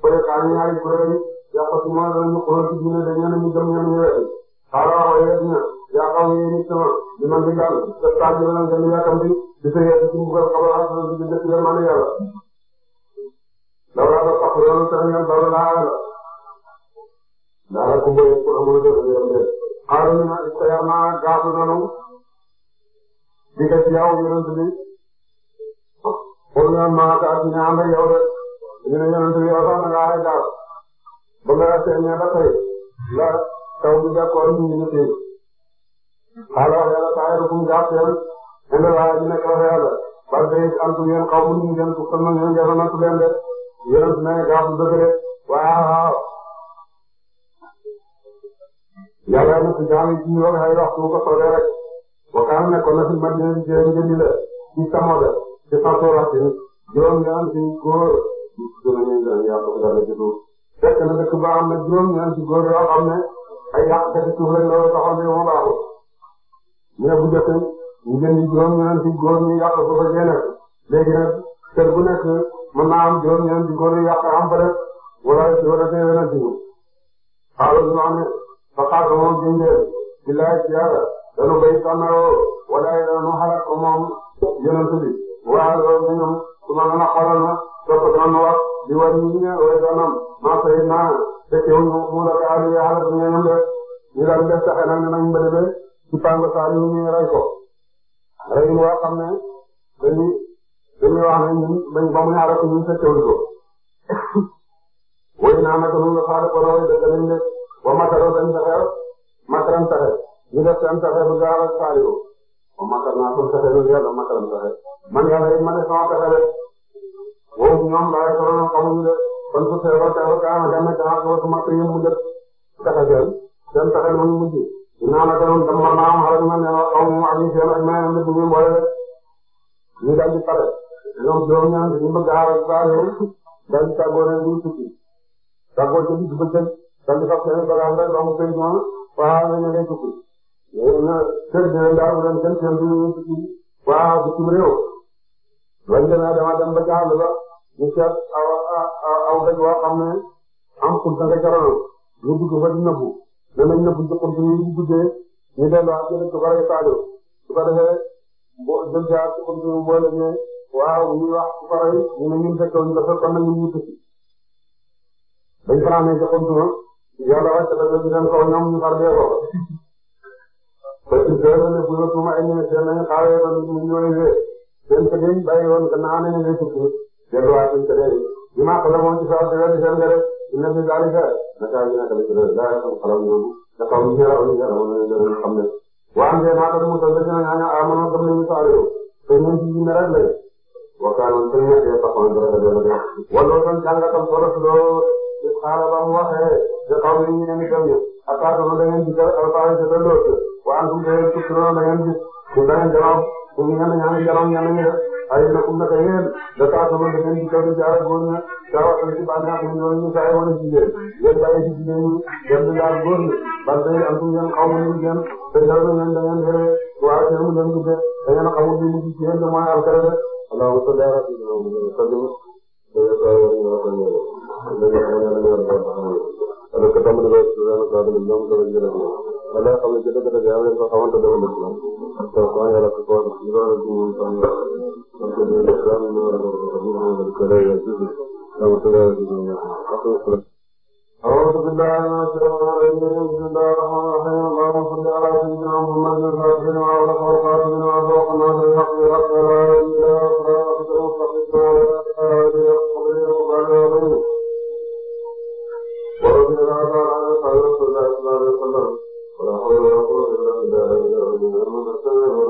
Speaker 1: bëri xaar ñaari kuréel yàq si moom danañu xool ci jinne dañu ne ñu dem ñoom ñu weesu xaaral wax dëgg yaa xam ne yéen it sama li man di daal te saa ji ma gën a yàkkamti di sa yéex ci mbugal xabaar ak di di def yërmande yàlla. lawlaa ba tax yoonu seen yoon bawla laa daal ku bëri ku amul dëgg yërëm de xaaral ñu naan istayaar naa gaafu nanu di ko ci yow yonent bi pour ñu am maaka ak ñu ànd ak yow de ñu ne yonent bi yow sax na ngaa ay gaaf ba nga seen ñebe xëy la. taw bi fekkoon ñu ngi fi alors yàlla taxawaay fu mu gaaf leen indi waaye ñu nekk wax yàlla parce que am na yéen xaw ma nu mu gën pour que ñoom ñoom jafe na su leen def yéen a su ne gaaf bu dëgg de waaw yàlla na si jaam yi ci ñu wax ay wax su ko soobee rek waxtaan nekkoon na si Madina di jëm jëndi la ci Samoda ci Fatou Rassin juróom-ñaar ci góor fekk na dëkk ba am na juróom-ñaar ci góor yoo xam ne. ay yàqkat yi suuf lañ loolu taxaw ne moo baaxul ñu ne bu njëkk ñu jënd juróom-ñeenti góor ñu yàq ko fa génne léegi nag kër bu nekk mën naa am juróom-ñeenti góor ñu am fa def wala wala teewee na jiwu. xaaral bi ma xam ne fa xaar ko moom jëndee billaay ci yàlla danu béy sànnaroo wala ay danu xalaat ko moom yonent bi waaye loolu ñoom su ma a xoolal ma topp dama wax di war ñu ñëw wala dana am. maa koy naa fekke wu ñu mu la gaal yi àll bi ñoom de ñu daal di def saxe nag dinañ mbëri ba ci Pango Saalum ñu ngi rey ko rey boo xam ne dañuy dañuy wax ne ñun dañ ba mu ñaare ko ñun fekke wuñ ko. woy naa nag ñu ngi xaar ko la woy dëgg lañ def ba makaroo dañ saxe makaram saxe ñu def seen saxe bu gaaw ak Saalum ba makar naa suñ saxe ñu yàlla makaram saxe man yàlla it ma ne sama saxe rek wow ñoom laay xamuñu de. kon su feebar teewul ka am na gànnaaw ba su ma tëjee mu jot pexe seen seen pexe lu mu mujj dinaa la gërëm tam war naa am xaral ma ne ma xaw ma ak seen ak ma ne dugub boole rek ñu daal di pare ñoom juróom-ñaar ñu bëgg a xaaral saa yow daal di tàggoo rek ñu tukki tàggoo ci biir bëccëg daal di fàq seen bagage rek donc béy moom waaw ñu ngi lay tukki na kër gi leen daal di leen jël seen biir ñu tukki waaw bitim réew. loolu dana dama dem ba ca àll ba ñu seet awa aw doj woo xam ne am xunta nga ca ronam ñu dugg ba di nëbbu danañ nëbbu ci xunta yi ñu duggee ñu delluwaat ci dëkk ba rek taajo su ko defee bo jëm jaar ci xunta yi boole ne waaw ñuy wax su ko rey ñu ne ñun fekkewuñ ko fekkoon nañu ñu tëkki dañ fanaanee ci xunta ma yàlla wàcc dafa ci seen kaw ñoom ñu far dee ko ba ci dëgg ne bu ñu tuuma ay ñu ne seen nañu xaawee ba ñu ñëwee seen tëgg yi bàyyi woon gannaaw nañu ngay tukki delluwaat ci tëgg yi bi maa xelal moom ci saa si leen di seen gërëm di leen di daal di gërëm naka la ñu nekk rek de daal di xelal ñoom dafa am lu ñu yàlla lu ñu yàlla moom la ñu gërëm xam ne waaye am na maa doon mos a dëgg ñoom ñoo amoon gëm nañu saa réew te ñun ci ñu ne rek lañ waxtaan ak suñu nekkee saxoon dara dara dara wala doon jàngatam solo si loo xaaral ba mu waxee te xaw ma ñu ne ñu gëm ñu ak saa sama da ngeen gis alfaare si sa lool waaye am suñu da ngeen gis lool da ngeen gis suñu da ngeen jëloon suñu ñenn ñaari jëloon ñenn ñi ay nakum naka yéen la taatuma da ngeen di toll ci àll góor ña saa waxtaan ci bànneex ñu ñëw ñu saa yoo ci jigéen ngeen bàyyi ci jigéen ñi dem di laal góor ñi ban tey am ngeen xaw ma ñu ngeen te ñëw na ngeen da ngeen yore waa seen mu dem gudde da ngeen xamul li mu ci ci yéen de mooy alkare de allahu salli ala sallim Allahumma salli ala ba nga xam ne ca dëgg-dëgg yàlla dañ ko xamante ne dëgg-dëgg la. kon kon yàlla ko kon ñu doon rek ñu ngi fan yàlla. kon ñu ngi leen di gërëm ñu ngi leen di gërëm yàlla ci biir. donc ñu ngi leen di gërëm yàlla. أعوذ بالله من الشيطان الرجيم بسم الله الرحمن الرحيم اللهم صل على سيدنا محمد الفاتح لما أغلق والخاتم لما سبق الناصر الحق بالحق ولا يهدي إلا صراطك المستقيم ولا تهدي إلا الصبر وبعد وبين ورضي الله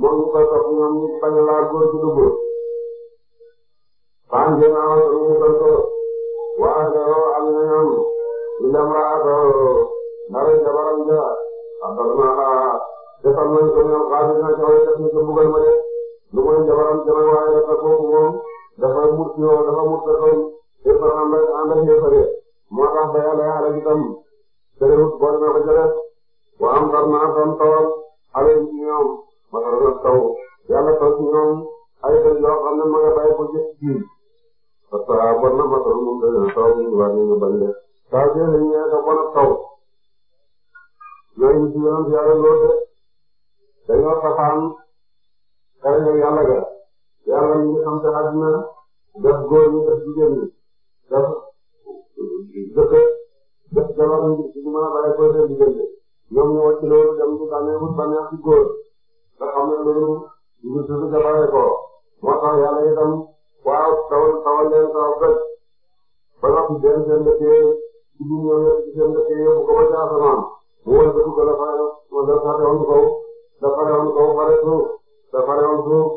Speaker 1: moom ñu koy topp ñoom ñu bañ a laal góor gi dugg. Fane Dieng awa te mu ngi ko waa Ndeo am na ñoom ñu dem ja abdoulaye ah, ah. defal nañ ko ñoom xaalis dina coow def ñu ko bugal ma de lu mooy jabaram jëme waaye dafa kooku moom dafa mut yoo dafa naa tam tawam xale ba nga doon taw yàlla taw ci ñoom ay bëri yoo xam ne ma nga bàyyi ko jëf jiw parce que ah bon na masalu moom day na taw bi ñu wàññi ñu bañ leen. taw bi yéen ñëwee ka bon ak taw yooyu ci yoon yàlla loo de dañoo safaan xëy na yàlla ga yàlla ñu ngi sant àdduna def góor ñi def jigéen ñi def dëkk def jabar ñi ci mën a bàyyi ko seen diggante ñoom ñu wàcc loolu dem ci bànneexu bànneex ci góor. nga xam ne loolu ngir suuf si dafa ko moo tax yàlla itam waaw tawal tawal leen taw rek ba noppi benn seen dëkkee ci biir ñoom ñëpp ci seen dëkkee yóbbu ko ba ca asamaan mu wër ba dugg dafa dafa rewoon kaw dafa rewoon kaw pare suuf dafa rewoon suuf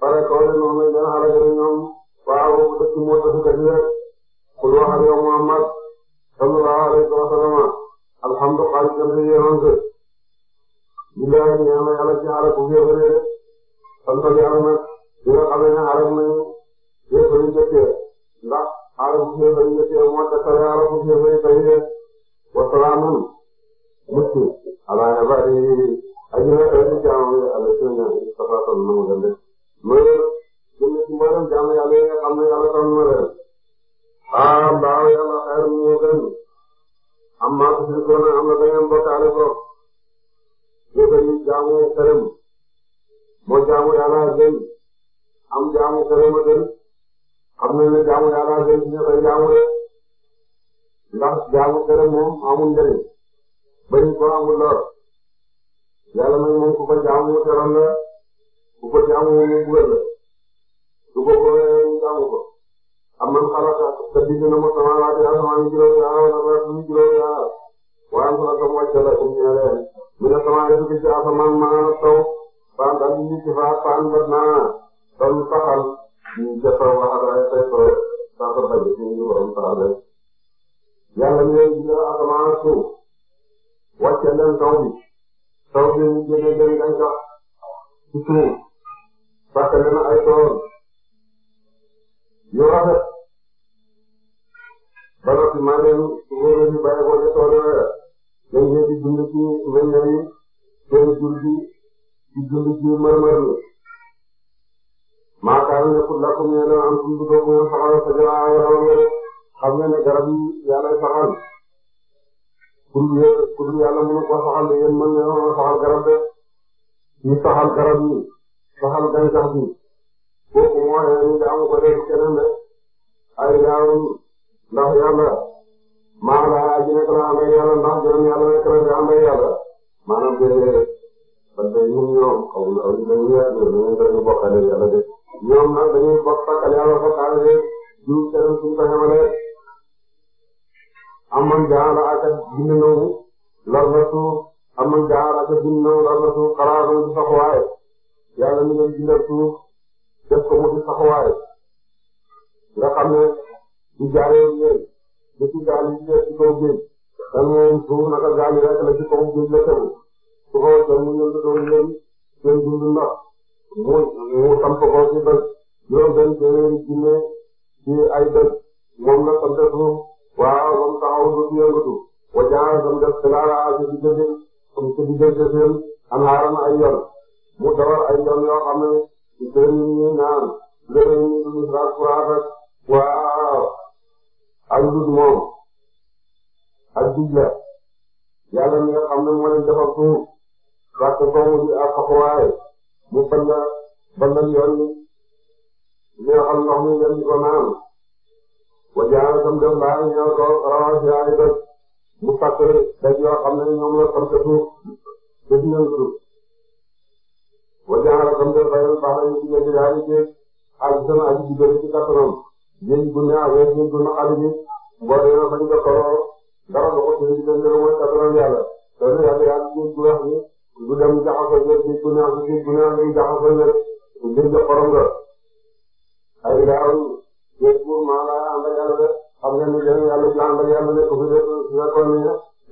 Speaker 1: pare kaw de ñoom ñooy gën a xale ñoom waaw dëkk moo tax a gëj rek pour waxal yow Muhammad sallallahu alayhi wa sallam alhamdulilah. billahi ñaan na yàlla ci arab bu wér réere santal yàlla nag bi nga xamee ne arab nañu yéefari njëkkee ndax arab bu yéefari njëkkee moo takkale arab bu yéefari tey de wa salaamun mucc ala ibadi aji nekk rek ci jaam yi ala ci ne safatal na mu gën de loolu jëm ci mboolem jaam yàlla yi nga xam ne yàlla tànn na leen ah mbaaw yàlla xeer moo gën am maa ko fi ko na am na da ngeen bokkaale ko yéen a ngi jaamu xërëm moo jaamu yàlla gën am jaamu xërëm a gën xam nañ ne jaamu yàlla gën ci ña koy jaamu de ndax jaamu xërëm moom amul njëriñ bañ ko amul lor yàlla nag moom ku ko jaamu teral la ku ko jaamu mu bugal la su ko boobee ñu jaamu ko am nañ xalaat te digg na mu sama laaj yàlla sama juróom yàlla wala sama juróom yàlla waaye mu rafetlu wàcce la ñu ñëwee ñu ne sama république asamaan maa taw Fane daal di ñu ci faa Fane ba naa taw ñu a say projet saa ko bëgg ci ñu borom saa rek yàlla ñu ngi leen asamaan suuf wàcce leen taw bi taw bi ñu jëlee ay tool yu rafet ba noppi maa leen wóoree ñu bàyyi ko ca tool day ñëw di dund ci ngëngën yi seen jur gi di dund ci mërmër mi maa kaana nekkul lakum yéen a am suñ ko doon ngeen saxal sajara yaram yële xam ngeen ne garab yi yàlla saxal pour pour yàlla mënu ko saxal de yéen mën ngeen a saxal garab de ñu saxal garab yi saxal gàncax gi kooku moo yéen ñu jaamu ko dee ci keneen de ay yaawuñ ndax yàlla. maanaam daal aji nekk na ànd ak yàlla ndax jërëm yàlla nekk na di ànd ak yàlla maanaam déedéet rek ba tey ñun ñoom xaw ma aw dañuy yaatu dañuy dañuy bokkale yàlla de ñoom nag dañuy bokk takkal yàlla bokkaale de ñun kenn suñ ko xamalee amoon jaara ak ak bind nawu lor na suuf amoon jaara ak ak bind nawu lor na suuf xalaat mu ci saxuwaay yàlla ñu ngi bindal suuf def ko mu ci saxuwaay nga xam ne du jaaree yéen ba ci gaal yi ci kaw géej kan mooy suuf naka gaal yi rek la ci kaw géej la tegu su ko defee mu ñëw doon leen seen dund ndox mu mu samp ko ci bés juróom benn téeméeri junne ci ay bés moom la sam def waaw moom taxaw du ci yëngatu wa jaara sam def xilaala ci diggante ci diggante seen anhaaran ay yoon mu dawal ay yoon yoo xam ne ci seen ñi naan léeg-léeg ñu dugg waaw ak dut moom ak digle yàlla mi nga xam ne moo leen defal suuf sàkk ko mu di ak taxawaay mu bënna bënnal yoon yi neexal ndox mi ngeen di ko naan wajaana tam def laa ñëw ko rawaasi ay doj mu sàkk daj yoo xam ne ñoom la sant suuf def nañ suuf wajaana tam def bayal baax nañu ci ñebe daal di jéeg ak sama aji ci bëri ci kattanam géej gu neex ak géej gu naqari bi boo demee bañ ko tolloo dara du ko suñu diggante la mooy kàddu yàlla loolu yàlla yaa ngi géej gu weex bi du dem jaxasoo géej géej gu neex géej gu neex bi jaxasoo ñëpp ngir jëf xorom nga ay daaw géej gu maanaam ànd ak yàlla de xam ngeen ni géej yàlla ji ànd ak yàlla nekk fi de su fekkoon ni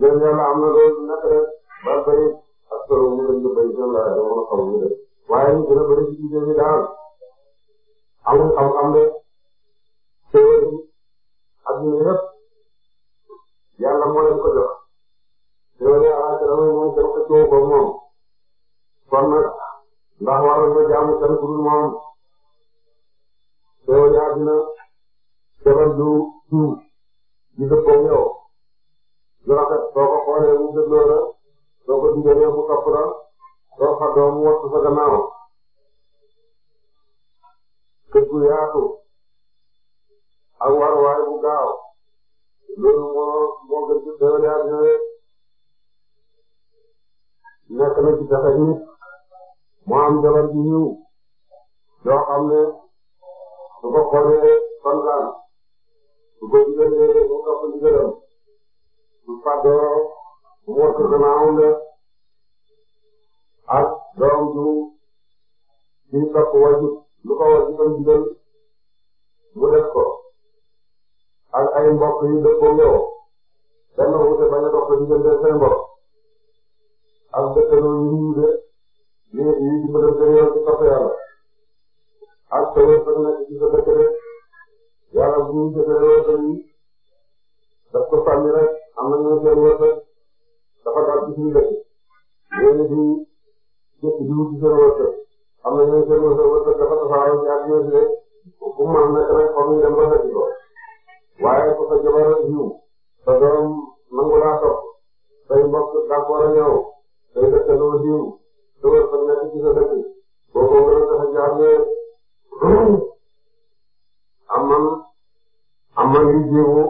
Speaker 1: géej yàlla am na loolu nekk de ba bay ak solo mu dem di bay seen laay dama la xamu ñu de waaye ñu gën a bëri ci géej gi daal amul xam-xam de adduna yëpp yàlla moo leen ko jox loolu alaxira moom kenn xëccoo ko moom kon nag ndax war nañu ko jaamu kenn ku dul moom loolu adduna jabar ju tuub di dëppoog yow lu rafet soo ko xoolee mu dégloo la soo ko digalee mu topp la soo xaddoo mu wattu sa gannaaw kër gu yaatu ak waruwaay bu gaaw loolu moo moo gën ci xéwal àddina bi nekk na ci pexe nit mu am jabar ju ñëw doo xam ne su ko xoolee kontaan su ko digalee mu topp ndigalam su fàddoo mu war ko gënaawam la ak doom ju ci topp wajut lu ko war ci digal mu def ak ay mbokk yu dëppoo yow benn wuute bañ a dox sa diggante say mbokk ak dëkkandoo yu ñu de yu yu dimbalante yow ci topp yàlla ak sa wërsëg nekk ci sa dëkk de yàlla bu ñu jëfee wërsëg yi daf ko sànni rek am na ñu seen wërsëg dafa dal ci suñu dëkk yéen di jëf di wut ci seen wërsëg am na ñu seen wërsëg wërsëg dafa tasaaroo ci ak yéen de fu mu mën a nekk rek fa mu dem ba fekk ko waaye ku sa jabar yiw sa doom nangu laa topp say mbokk d'accord ak yow say dëkkandoo yiw sa wërsëg nekk ci sa dëkk boo ko wër sa jaaree am man am man yu jiwu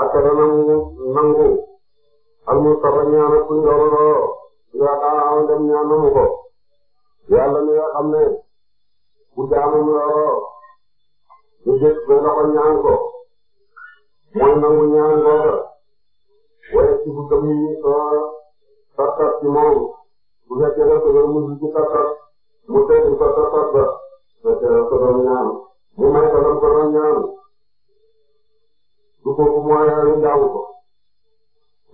Speaker 1: ak dana nangu nangu al mustara ñaana kuy loroo yaakaar dem ñaan na mu ko yàlla mi nga xam ne bu jaamam loroo ñu jël ba loxo ñaan ko. mooy nangu ñaan googa wala ci bu gëm ni tartar ci moom bu fekkee dafa doon mujj ci tartar mu tegg ko tartar ba fekkee dafa doon ñaan mu may ko doon ko doon ñaan du kooku mooy yàlla jaamu ko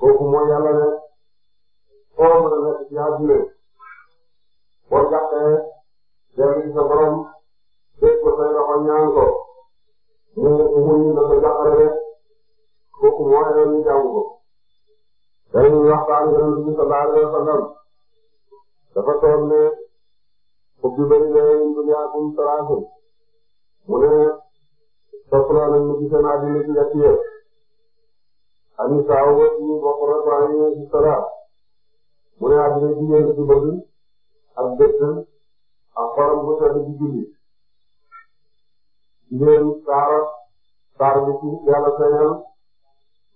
Speaker 1: kooku mooy yàlla ne foo mën a nekk ci àdduna boo jàppee dellu ci sa borom dégg ko say loxo ñaan ko mu mu muñ la sa jàppale rek kooku moo tere ñu jaamu ko. tey ñu waxtaan yonent bi sallallahu alayhi wa sallam dafa toog ne ubbi bari ne dunyaakum salaasun mu ne soxla nañu ci seen àddina ci ñetti yëpp. ani saaw ba ci bokk na ko ani ci salaat mu ne àddina ci ñeent ci bëgg ak dëkk ak xolam bu sedd ci julli jigéen saara saar bi ci yàlla feeñal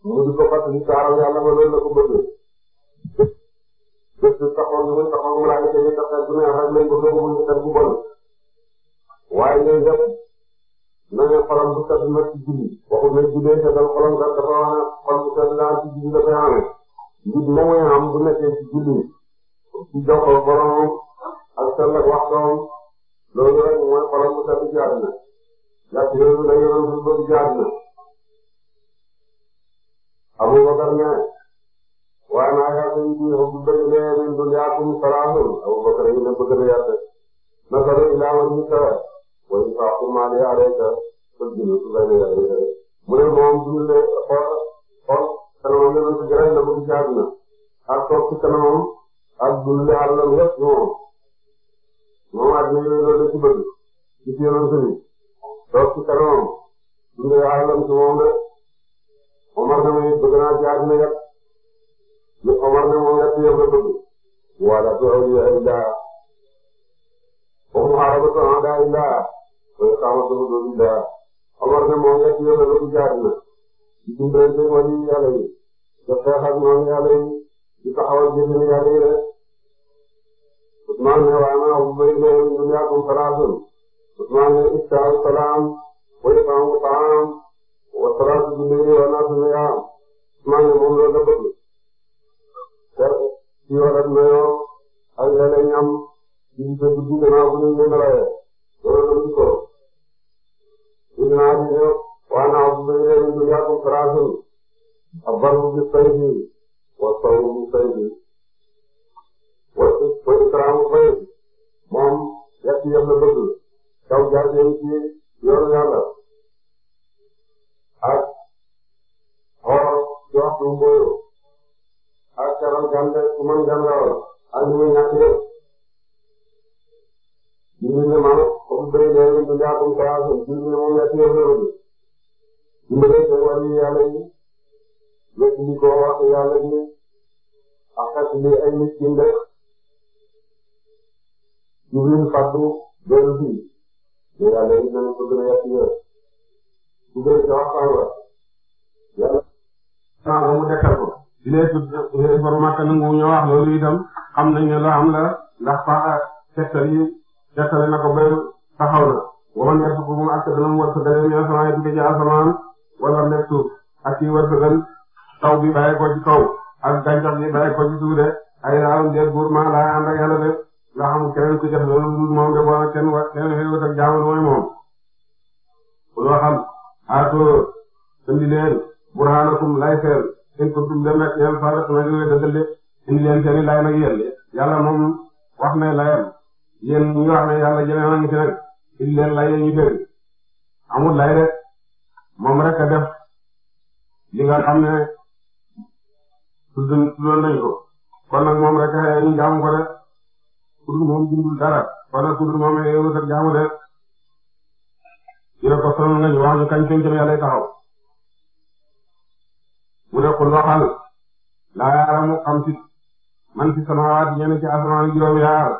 Speaker 1: ñu di ko fàttali taaral yàlla ba loolu la ko bëggee. bés bi taxaw bi muy taxaw mu laaj tey taxaw bi neex rek lañ ko bëgg muy xet bu bon waaye ñooy def na ne xolam bu set na ci julli waxul ne jullee setal xolam kat dafa wax ne xol bu set daal ci julli dafay amee. nit la muy am bu nekkee ci julli ci jokkoo borom ak sell ak waxtoom loolu rek mooy xolam bu set ci àddina yàgg loolu la yoroon suñu bëgg ci àddina Abubakar ne waaye naa yaakaar ni bii bu bëgg dee min dunyaakum Abubakar yi ne bëgg na yàlla nasalu ilaa wajhi wa infaqu maali alayka sajjinatu bayna yadayka mu ne moom dundle xool xool kanamam yonent bi rek la bëgg ci ak toog ci kanamam ak dundle alalam yëpp moom moom àdduna yooyu loolu la ci bëgg ci yonent bi toog ci kanamam dundle alalam ci moom rek Omar ne ma it bëgg naa ci àdduna yëpp lu Omar ne moom yëpp yëpp la bëgg wala tu awliya illaa wa muharabatu a'daa illaa wa iqaamatu huduud illaa Omar ne moom yëpp yëpp la bëgg ci àdduna di dimbalante wali yàlla yi di xeex ak noonu yàlla yi di taxawal jëfin yàlla yi rek Usmaan ne wa ana hubbu ilayhim min duniyakum salaasun Usmaan ne ifshaa'u salaam wa iqaamu ta'aam wasalaatu bi léegi woon naa suñu yaram maa ngi moom loolu la bëgg te ci warat mayoo ak léeg-léeg ñam ci biir guddi gannaaw bu ñu leen rawee loolu la ñu ko dinaa di ne waa naa bu ñu leen di yàqu faraasul ab barbu bi say bi wasaw bi say bi wasu mooy ikraamu fay moom yàq yëpp la bëgg taw jaar leen ci yoonu yàlla ci waxtu mbooyo ak Thierno Kante Oumar Ngane la woon ak ñi ñu ñàkk yëpp mbir mi man comme béy léegi ñu jaaxum saa suuf mbir mi moom ñetti yëpp la bëgg mbir mi wàllu yàlla yi lépp li ko wax yàlla bi ak xet bi ay miskin def jibril fàddu dellu fii yàlla yi dana ko gën a yàq yëpp su gën a ca waxtaan la sanga mu dekkal ko ilay tudd borom Makka nangu wax loolu itam xam nañ ne xam la ndax fa tegtal yi tegtale na ko ba taxaw na waman yarzuqhu ak dana wërsëgal min as-samaa'i tukkee ci asamaan wala nekk suuf ak ci wërsëgal taw bi bàyyi ko ci kaw ak gàncax gi bàyyi ko ci suuf de ay laalum déet buur maa laa ànd ak yàlla de nga xam keneen ku def loolu moom de boona kenn wa keneen xëy wut ak jaamul mooy moom. loo xam aatoo indi leen burhaanakum lay seen in kuntum dem nag yéen saadiqiina nag yooyu dëggal de indi leen seen i laay nag yéen yàlla moom wax na layam yéen ñu wax ne yàlla jëlee nañu fi nag indi leen lay ñu dégg amul lay de moom rek a def li nga xam ne tudd tuddoon nañu ko kon nag moom rek a ñu jaamu ko de kudur moom bindul dara kon nag kudur moom yow sax jaamu de dina ko sonal nga ñu wax ñu kañ pencam yàlla taxaw. mu ne kul waxal laa yaalamu xam ci man ci samawaat ñenn ci asamaan juróom yaar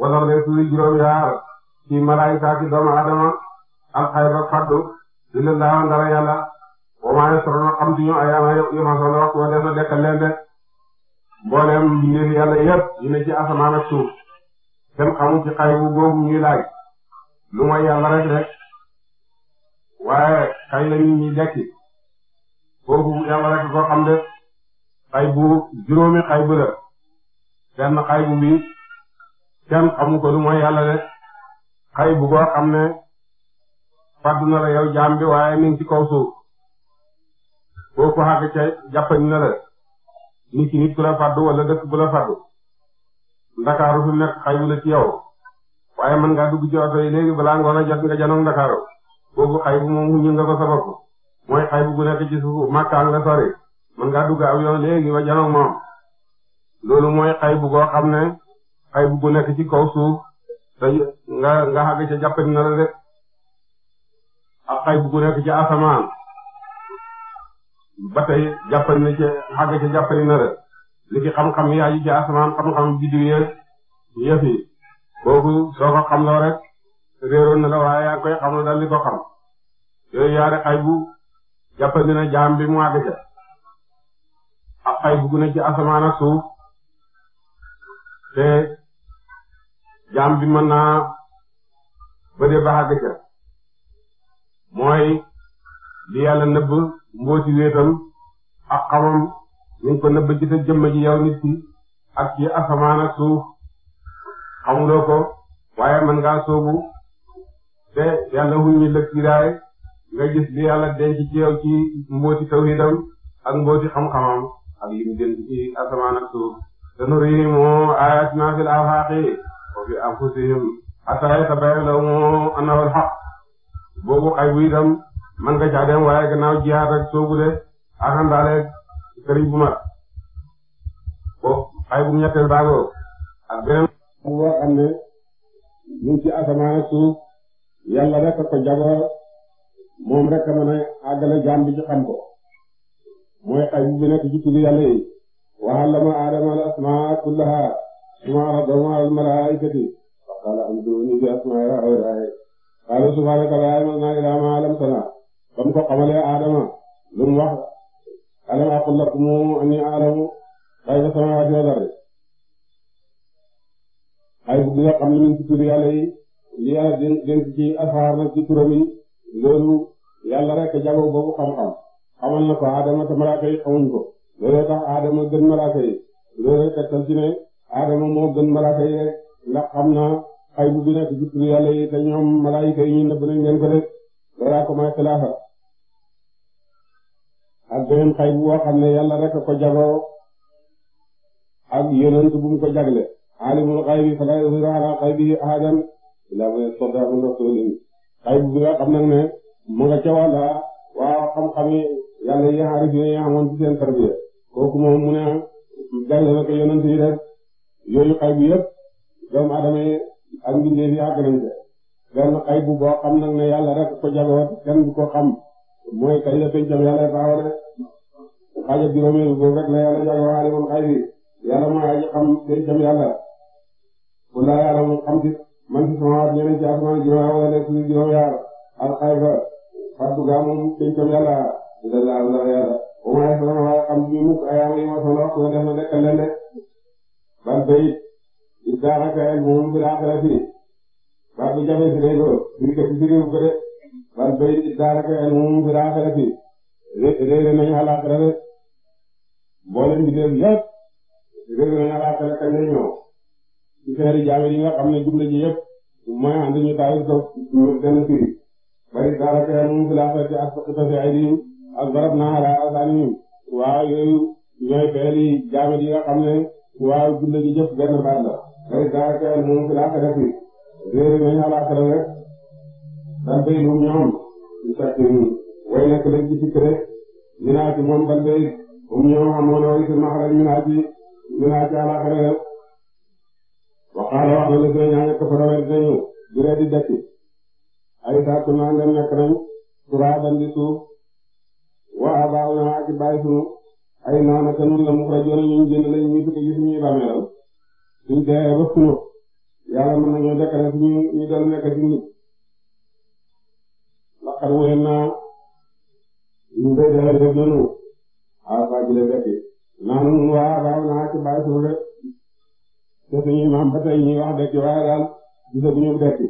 Speaker 1: wala lay suuri juróom yaar ci malaayika ci doomu adama alxayba faddu di leen daawan dara yàlla wamaaye sorono xam ci ñu ayaama yomasolo wax wa def na dekkal leen mboolem mbindeef yàlla yépp yi ci asamaan ak suuf kenn xamu ci xaybu boobu ñuy laaj lu mooy yàlla rek rek waaye kay ñuy dekki boobu yàlla rek ko xam de xaybu juróomi xaybu la benn xaybu bi kenn xamu ko lu mooy yàlla de xaybu goo xam ne fàddu na la yow jaam bi waaye mi ngi ci kaw suuf boo ko xàgg ca jàppañ na la ni ci nit la fàddu wala dëkk bu la fàddu ndakaaru fi nekk xaybu la ci yow waaye mën ngaa dugg ci oto yi léegi balaa ngoon a jot nga janoog ndakaaru boobu xaybu moom ñu nga ko sa mooy xay bu gu nekk ci suuf Makka nga sori mën ngaa dugg avion léegi ba janoog moom loolu mooy xay bu xam ne xay bu gu nekk ci kaw suuf nga nga la de ak xay bu gu nekk ci asamaan ba tey na ci xàgg xam-xam yaa ci asamaan xam-xam biddiw yëf yëf kooku soo ko xam loo rek réeroon na la waaye yaa xam la dal li xam yooyu yaari xay bu jàppandi jaam bi mu àgg ca ab na ci asamaan ak te jaam bi mën naa bëre ba àgg mooy li yàlla nëbb mbooti wéetam ak xamam ñu sa jëmm ji yow nit asamaan ak suuf xamuloo waaye mën ngaa soobu te yàlla huñ ñi lëg nga gis li yàlla denc ci yow ci mbooti tawhidam ak mbooti xam-xamam ak li denc ci asamaan ak suuf sanurihim ayatina fil afaqi wa fi anfusihim hatta yatabayyana lahum annahu al-haq boobu xay bu itam man nga caa waaye gannaaw jihaad ak soobu de ak àndaale sëriñ bu mat boobu xay bu ñetteel baago ak beneen boo xam ne ñu ci asamaan ak yàlla rek ko jago moom rek a mën a àggale jaam bi ci xam ko mooy xay bi nekk ci tudd yàlla yi wa allama aadama al asmaa kullaha summa raddahu ala al malaa'ikati fa qaala anbi'uunii bi asmaa'i haa'ulaa'i qaaluu subhaanaka laa ilma lanaa illaa maa 'allamtanaa kon ko xamalee aadama lu mu wax alam aqul lakum annii a'lamu ghayba samaawaati wal ardi xay bu nga xam ne min ci tudd yàlla yi li yàlla denc ci asxaar nag ci turam yi loolu yàlla rek jago boobu xam-xam xamal na ko Adama te malaaka yi xamuñ ko looloo tax Adama gën malaaka yi loolu rek tegtal ci ne Adama moo gën malaaka yi rek xam na xay bu bi nekk ci yàlla yi te ñoom malaayika yi nëbb nañ leen ko def loolaa ko may xilaafa ak beneen xay bu boo xam ne yàlla rek ko jagoo ak yonent bu mu ko jagle alimul xaybi falaa yuzhiru ala xaybihi ahadan illaa man irtadaa min rasuulin xay bu bi nga xam nag ne mu nga ca wàlla waaw xam-xami yàlla yi aarif yi amoon ci seen tarbiya kooku moom mu ne jagle na ko yonent yi rek yooyu xay bu yëpp doomu adama yi ak mbindeef yi àgg nañ ca benn xay bu boo xam nag ne yàlla rek ko jagoot kenn du ko xam mooy kañ la pencam yàlla taxaw de xaajab juróomeelu boobu rek la yàlla jagoo alimul xay bi yàlla mooy aji xam pencam yàlla wala yàlla mu xam ci man ci sama waat ñeneen ci asmaan juróom wala nekk ci juróom yaar al xay ba fas gu gaaw moom pencam yàlla dallaaw ndax yàlla waaye xam waaye xam def na dekkal de bal bayit is daaraka ilmuhum bil aaxirati bal bu jafe si day doon firi ko firi ko de bal bayit is daaraka ilmuhum bil nañu alaaxira de mboolem nañu alaaxira kañ lay ñëw ci xeeri jaam yi nga xam ji yépp mooy ànd ñu taal sof ñu benn firi
Speaker 2: bari daara ka yamum fi laaxirati ak fi aydihim ak barab naa ala asaanihim ñooy feel yi jaame yi nga xam ne
Speaker 1: waaw ji jëf benn baat la bari daara ka yamum fi laaxirati réere nañ alaaxira rek bal bay lum ñoom ñu sàkk nii way nekk lañ ci sikk rek minaa ci moom bal bay um ñoom amoon way si maxraj minaa ci minaa ci alaaxira rek waxaala wax na la si ñaa ñett fa rawee dinañu juree di dekki ay saa kunaan dem nekk nañ turaaban di suuf wa abaawuna ak baay sunu ay noona ka nun la muxrajoona ñu génn lañ ñu fukki ci suñuy bàmmeelal suñ dee ba sunu yàlla mën ñu doon nekk ci nit laqad wuxin naa ñu day dee def nanu aafaa ji la bekki naa nun wa abaawuna ak baay sunu rek te suñuy maam ba tey ñuy wax dekki waaye daal gisaguñu dekki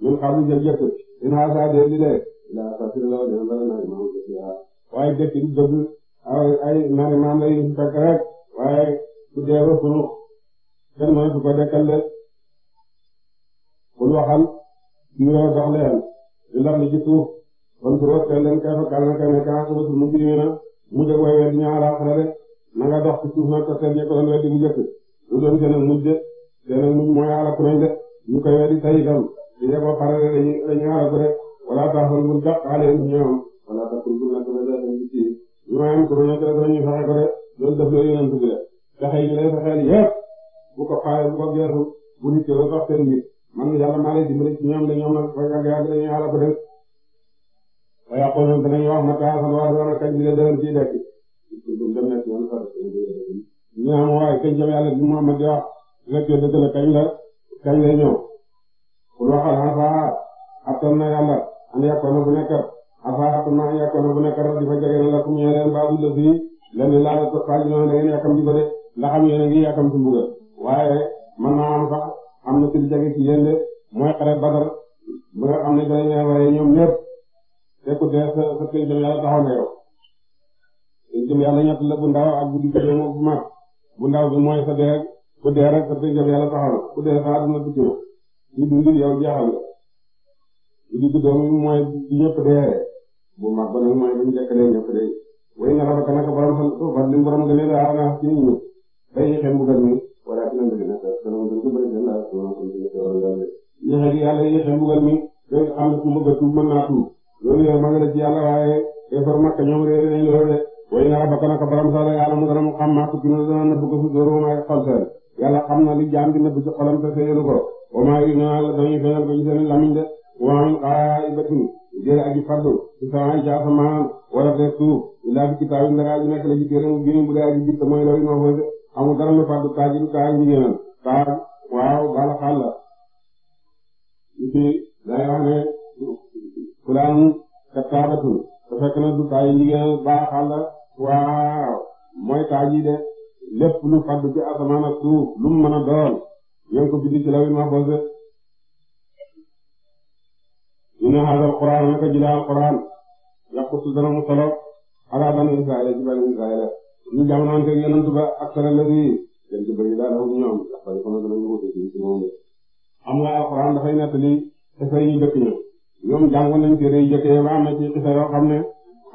Speaker 1: min xaw lu jël jëkk inaa saa dee di dee laa saa si la la dee bari mari maam dëgg waaye dëkk bi dëgg ay ay mari maam la yuñ fekk rek waaye ku dee ba furux kenn mënatu ko dekkal de bul waxal kiiroo dox leen di lar li ci suuf kon su root leen kay fa kalma kay na kana soo su mu jiriina mu jëg way wedd ñaa laaxira de na nga dox ci suuf nag te seet ñi ko doon weddi bu njëkk lu doon seen ak mujj de seen ak mujj mooy ala ku nañ de ñu koy weddi tey itam di nga ba pare dañuy dañuy alagu rek wala taxul bul jàpp xale yi ñoom wala taxul bul nag la def ci ci ñu am ko ñu ko ñu fexe ko rek loolu def la yeneen tudde fexe yi lay fexeel yépp bu ko xaale bu ko geesu bu nit yoo sax seen nit man yàlla maa lay dimbali ci ñoom de ñoom nag fa yàgg yàgg dañuy alagu rek wa yaqulun danañu wax mata salwa kañ bi la doon ci dekk ñu dem nekk yoon fa ñu am waaye kañ jëm yàlla bi Muhammad wax rek dëgg la kañ la kañ la ñëw loxo afa attan na yàlla an yakkoona bu nekkat afa attan na an yakkoona bu nekkat radi na la kum ñee leen baabu la fii lenn laa la fajinoon da ngeen yàkkamti ko de la xam yéen a ngi yàkkamti mbugal am na ci lu jege ci yéen Badar ba nga xam ne danañ leen waaye te ku sa sa kër jëm yàlla taxaw na yow kër jëm yàlla ñett la bu ndaw ak bu digg bu bi mooy sa dee ku dee sa kër jëm yàlla taxaw na ku dee sa àdduna na ci dund yow jeexal nga ci digg doomu mooy ñëpp dee bu mag ba mooy bu ñëpp dee way nga rafet naka borom fan fan li mu borom gënee la arna ci ñu bay ñu xem bu mi wala ci nañ dina ko sama dund ko bëri gën la ko ko ci ko wala dal yi xem bu gën mi day xam ne su ma gëstu mën naa ma nga la ci yàlla e for makka ñoom réer nañ loolu de way nga rafet naka borom mu dana mu xam ma ko ci na dana na bu ko su xol seen wa maa yu naa la dañuy feeñal ko ci seen lamiñ de waan xaaraa ibatin jël aji fardu ci samaan ci asamaan wala te suuf illaa fi kitaabin ndara aji nekk la ci mu bind bu dee aji te mooy lawi noo foofu amul dara lu fardu taaj du taaj njigéenal taaj waaw bala xaal la ci day wax ne fulaan fekk na du taaj njigéenal bala xaal la waaw mooy taaj yi de lépp lu fardu ci asamaan ak suuf lu mu mën a doon ñoo ko bind ci lawhil mahfuz de inna haazal qur'aan naka ji daal qur'aan yaqussu dana mu solo ala bani israila ci bani israila ñu jamonoonte yonent ba ak sara lëri gën ci bëri daal lahum ñoom ndax bari ko dana ñu wute ci ci moom de am nga alquran dafay nettali xisa yi dëkk ñu ñoom jàngoon nañ téere yi jëkkee ba am na ci xisa yoo xam ne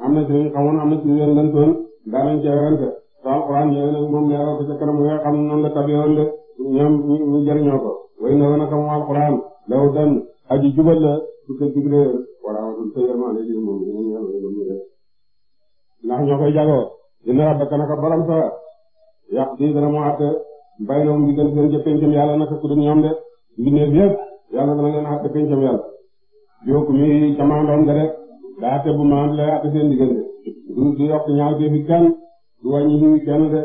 Speaker 1: am na ci ñu xamoon am na ci ñu leen doon daanañ ci werante te alquran ñëw nag moom leeral ko ca kanam nga xam ne noonu la tabeewoon de ñoom ñu jëriñoo ko way na wona kam dan aji la su ko digle wala sun teyama le di mo ñu ñaan do ñu def ndax ñoo koy jagoo dina rabbaka naka di dana mo atte mbay na mu digal seen ca naka ku dul ñoom de mbindeef yëpp yàlla dana leen atte pencam yàlla
Speaker 2: yokku mi ca maandoom ga de bu maandu lay atte seen diggante
Speaker 1: du du yokk ñaaw te fi kenn du de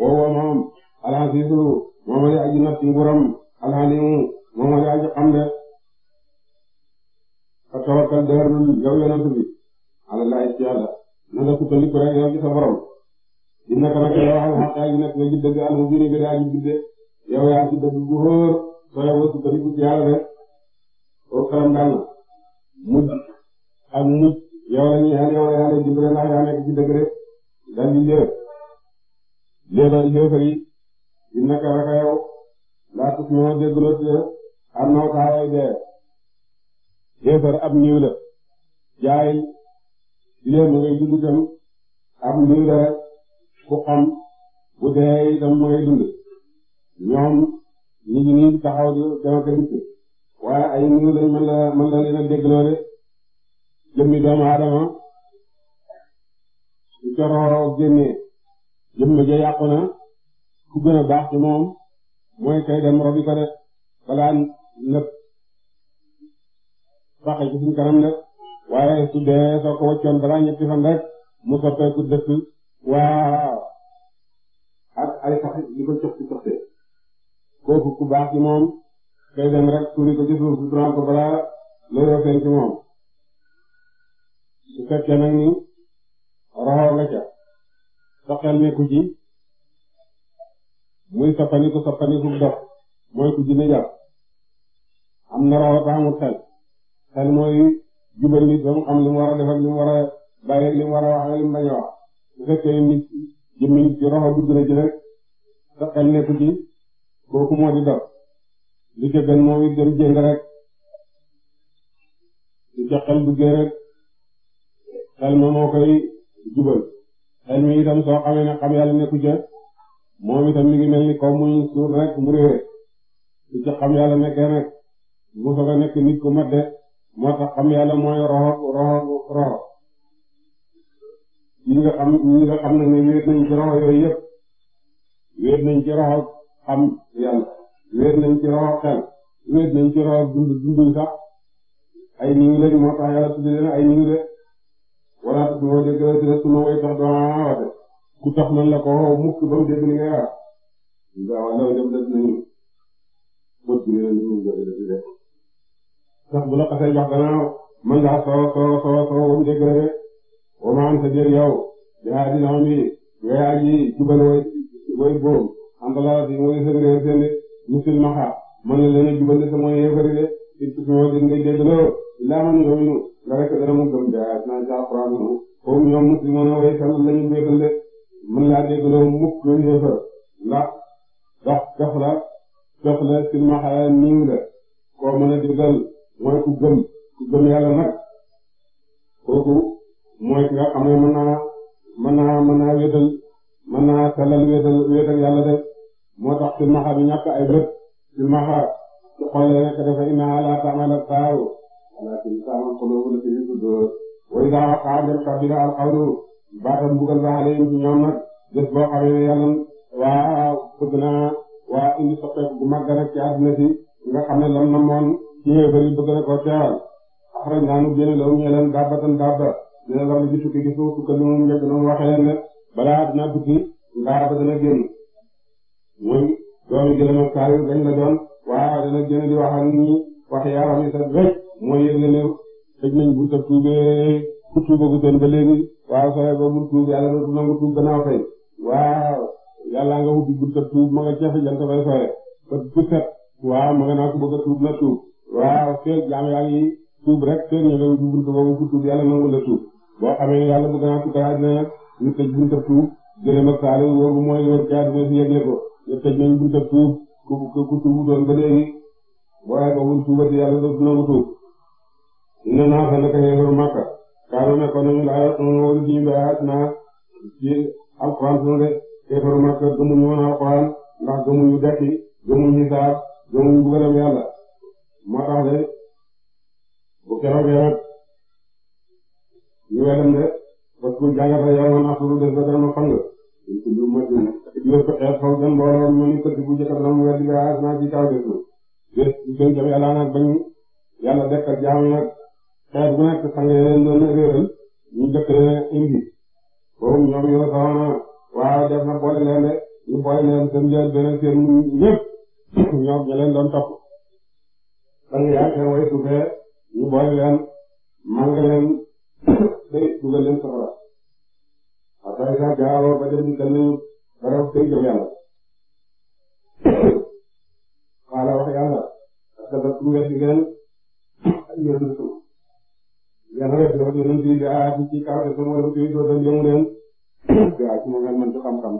Speaker 1: woo woo moom moom mooy aji not ci nguuram alhalimu moom mooy aji xam de fa tawakkal dëgërlul yow yonent bi alallahi ci yàlla na nga sukkandiku rek yow ci sa borom di nekk nag yow al xaq yaa ngi nekk nga ji dëgg al mubin nga daa ji bidde yow yaa ci dëgg bu wóor soo yowoo sukkandiku ci yàlla de koo xaram daal na mujj ak mujj yow la ñuy xel yow la yàlla dimbale ndax yaa nekk ci dëgg de daal di léer léeral léefar yi innaka naka yow laa tusmi'u dégguloo tuddee am na taaway dee xéefar ab niiw la jaay di leen ngay dund itam ab niiw la rek ku xam dee itam mu ngay dund ñoom ñu ngi nii taxaw di dem ak a dikk waaye ay niiw lañ mën la mën la leen a déggloo de jëmmi doomu aadama su coroo génnee jëmm ja yàqu na ku gën a baax ci moom mooy kay dem robi de balaa nëb saxe ci suñ kanam de waaye su dee soo ko wëccoon balaa ñetti fan rek mu soppeeku dëkk waaw ak ay sax li ko cox ci coxte kooku ku baax ci moom kay dem rek tuuri ko ci suuf suturan ko balaa looloo feeñ moom su fekkee nag ni roxoo nga ca xel nekku ci muy soppaniku soppaniku dof mooy ku jinne jàpp am na roxo te xel xel mooy jubal nit ba xam li mu war a def ak li mu wax ak bañ a wax su fekkee nit jëmmi nit ci roxo bu gën a jëlee xel nekku ci kooku moo di dof li ca gën dem jëng rek li ca xel duggee rek xel ma moo koy jubal xel mi itam soo xamee ne xam yàlla nekku ca moom itam mi ngi mel ni comme muñ suul rek mu réer su ci xam yàlla nekkee nag mu soog a nekk nit ku mat de moo tax xam yàlla mooy roxo roxo roxo ñi nga xam ñi nga xam nag ne wéet nañ ci roxo yooyu yëpp wéet nañ ci roxo xam yàlla wéet nañ ci roxo xel wéet nañ ci roxo dund dunduñ sax ay niw lañ moo tax yàlla tudd leen ay niw de wala tudd woo jëgg sunu way tax doon wate ku tax nan la ko wow mukk ba mu dégg li ngay wax waaw loolu dem def nañu bët bi ngeen di mun jënd daf def sax bu la xasee jox gannaaw mën ngaa soo soo soo soo ba mu dégg rek de wa ma anta jël yow yaa dina am yi ngay aji bi mooy seen réer seen musul maxa mën na leen a jubal sa mooy yéefari de il faut que ngay dégg de dinaa jaa xuraan moom comme ñoom muslimu ne mën laa déggloo mukk yéefar ndax dox dox la dox la si maxaaya niiw mën a déggal mooy ku gëm ku gëm yàlla nag kooku mooy ki nga xam ne mën naa mën naa mën naa wéetal mën naa yàlla de moo tax si bi ñàkk ay bët si maxa ci xol la nekk dafa inna la ta'mal absar walakin ta'mal qulubul lati fi sudur wa idha waqa'a al qawlu baatam mbugal la a ci ñoom ne yàlla waa bëgg ci àdduna si nga xam ne lam na moon ci yéefar yi dina war na ci tukki gi suuf tukka li mu njëkk noonu waxe leen ne balaa dina tukki ngaara ba dana génn muy doomi gëlëm ak kaar dañ la doon waaw dana génn di wax ak ñi wax yaaram yi sax rek mooy yëgle ne tëj nañ bunta tuubee ku tuuba gu gën ba léegi waaw soo yeboo bul tuub yàlla dootu tuub gannaaw tuub ma nga jafe jant bay sooye bët bu set ku a tuub na tuub waaw yaa ngi tuub la tuub boo xamee yàlla bëgg naa tukkal àddina nag ñu tëj bunta tuub gëlëm ak saali wóoru mooy wër ci àddina si yëgle ko ñu tëj nañ bunta tuub ku ku tuubu doon ba léegi boo yeboo bul tuubati yàlla dootu nangu tuub ina naa fa naka xeexoor màkka kaanu nekkoon nañu laa noonu diim bi aat naa ci alxuraan sunu de kéefaru Makka gëmuñu woon alxuraan ndax gëmuñu de bu keroogee nag a naxturu des ba dana fang lu xeet bu nekk sang leen doon réeral ñu jëkk na indi boobu ñoom ñoo soxna waaye def na boole leen de ñu boole leen seen njël beneen seen ñëpp ñoom ñu leen doon topp sang yaa seen way suufee ñu boole leen mang leen day dugal leen safara après ça jaaroo ba dem di gën nañu barab day jëm yàlla xaala wax yàlla parce que da tum wet ngeen ak yéen yàlla def dafa doon fii gaa ci ci kaw te sama wala fii doo doon jëmu leen gaa ci ma ngeen mën ci xam-xam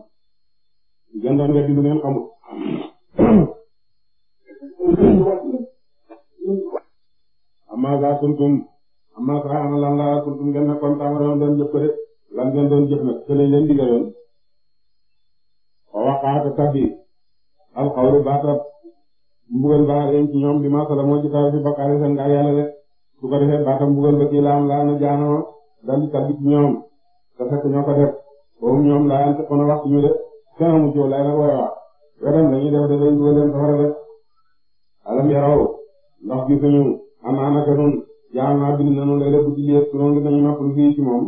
Speaker 1: ngeen doon weddi lu ngeen xamul. amaa gaa kuntum amaa sax ana lan laa kuntum ngeen nekkoon tàmm doon doon jëf ko de lan ngeen doon jëf nag te lañ leen digaloon waxaata tabbi alxawlu baatab mbugal baa leen ci ñoom bi maa sala moo ci kaw si bakkaari seen ngaa yàlla de su ko baatam mbugal ba kii laam laana jaanoo dal di tabbi ñoom te ñoo ko def boobu ñoom laa yante kono wax de kenn amu ci lay nag way wax wedam lañuy def dafay dugal leen safara alam yaraw ndax gisuñu anaa naka nun jaam naa bind lay la guddi li yëpp noonu dinañu noppalu fii ci moom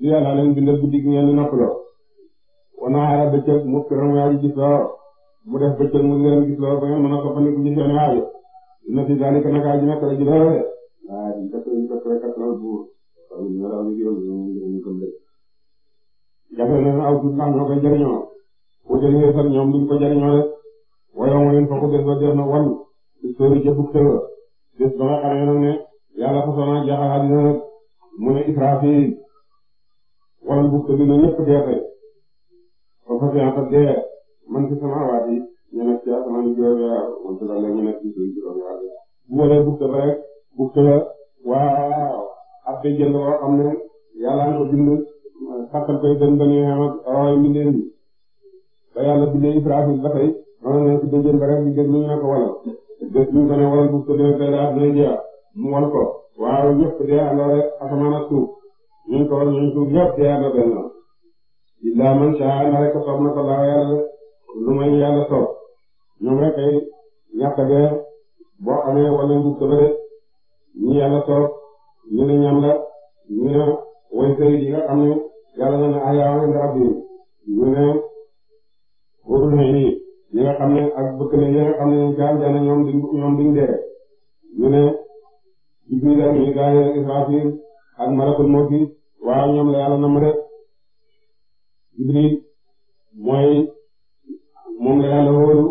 Speaker 1: li yàlla leen bindal guddi gi ngeen di noppaloo wanaara bëccëg mu piram waaji gis loo mu def bëccëg mu leen gis loo ba ngeen mën a soppandiku la aa buñ ko tooyee ñu ko tooyee kattanal buur loolu ñu ne ñu gërëm ñoom ñu gërëm ñu gëm leen. jafe na ne aw tuut ndax ñoo koy jëriñoo wutali xeet ak ñoom duñ ko jëriñoo rek waaye wu ma leen foofu des ba def na wan histoire jëpp ne yàlla fasoo naa jeexal àddina nag mu ne Israafil wala bu ko dina ñëpp dee man ci sama waat yi ñu nekk ci asamaan juróom-yaar man ci la léegi ñu rek. bukk la waaw ab béjjën la boo xam ne yàlla na ko bind sàkkal koy bën bën yu xam ak ay yi ba yàlla bindee Israfil ba tey noonu la ci béjjën ba rek di déglu ñu ne ko walal bés ñu ko ne walal bukk dina teel a dina jeex mu wal ko waaw ñëpp dee àndoo asamaan ak suuf ñu ko ñu suuf ñëpp dee àndoo benn illaa man saa na rek soob na ko lu may yàlla ba rek ñi yàlla torob ñu ne ñan la ñu ne way sëy yi nga xam ne yàlla na ne ayaa inda rabbi ñu ne xurul yi ñi nga xam ne ak bëkk na ñi nga xam ne ci aljana ñoom duñ ñoom duñ dee ñu ne Jibril ak Mikaayil ak Israafil ak malakul mawti waaw ñoom la yàlla na mu de Jibril mooy moom la yàlla wóolu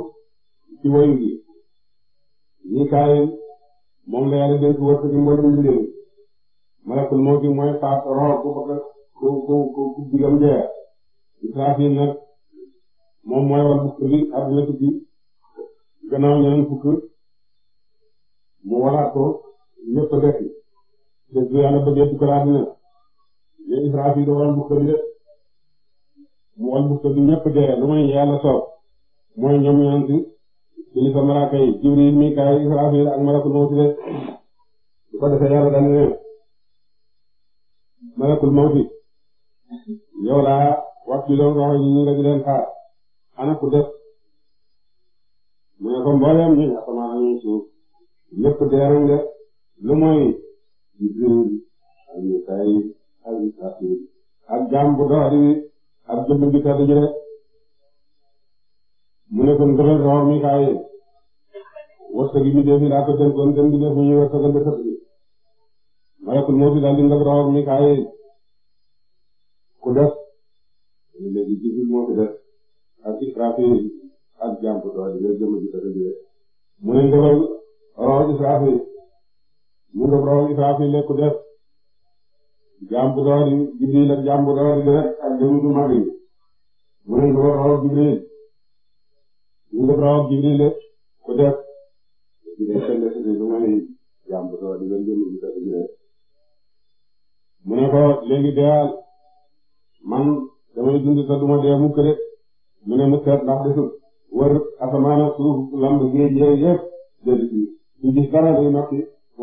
Speaker 1: ci wayu gi Mikaayil moom la yàlla dénk wërsëg mboolem mbindeef malakul mawti mooy faas roho ku bëgg ku ku ku ku digam jeex Israfil nag moom mooy wal bukk bi àdduna tukki gannaaw ñeneen fukk mu walaat ko ñëpp a dekki bés bu yàlla bëggee tukkal àdduna ne Israfil da wal bukk bi de mu wal bukk bi ñëpp dee lu may yàlla soob mooy ñoom ñeneen si kilifa malaaka yi Jibril Mikaayil Israafil ak malakul mawti de bu ko defee yàlla daal ne malakul mawti yow laa wax ci doon roxo ñi nga di leen xaar ana ku def mu ne ko mbooleem ñi asamaan ak ñi suuf ñëpp dee nañ de lu mooy Jibril ak Mikaayil ak Israafil ak jaam bu dox di ak jëmm bi tedd ji de mu ne kon gouverneur mi kaay wërsëg yi ñu def laa ko jël kon kenn du def ñu wërsëgal de tëdd malakul moo fi daal di ngab rawar mi kaay ku def léegi jibril moo fi def ak israfil ak jàmp doole léegi jëm ji tëdd bi mu ne ngab rawar israfil mu ngab rawar israfil ku def jàmp doole jibril ak jàmp doole rek ak jëm ju mag yi mu ne ngab rawar jibril ñu def rawab Jibril ku def mu ne ko léegi deewal man damay dund te duma dee mukk de mu ne mu seet ndax desul wër asamaan ak suuf lamb géej yooyu yëpp jënd ci ñu gis dara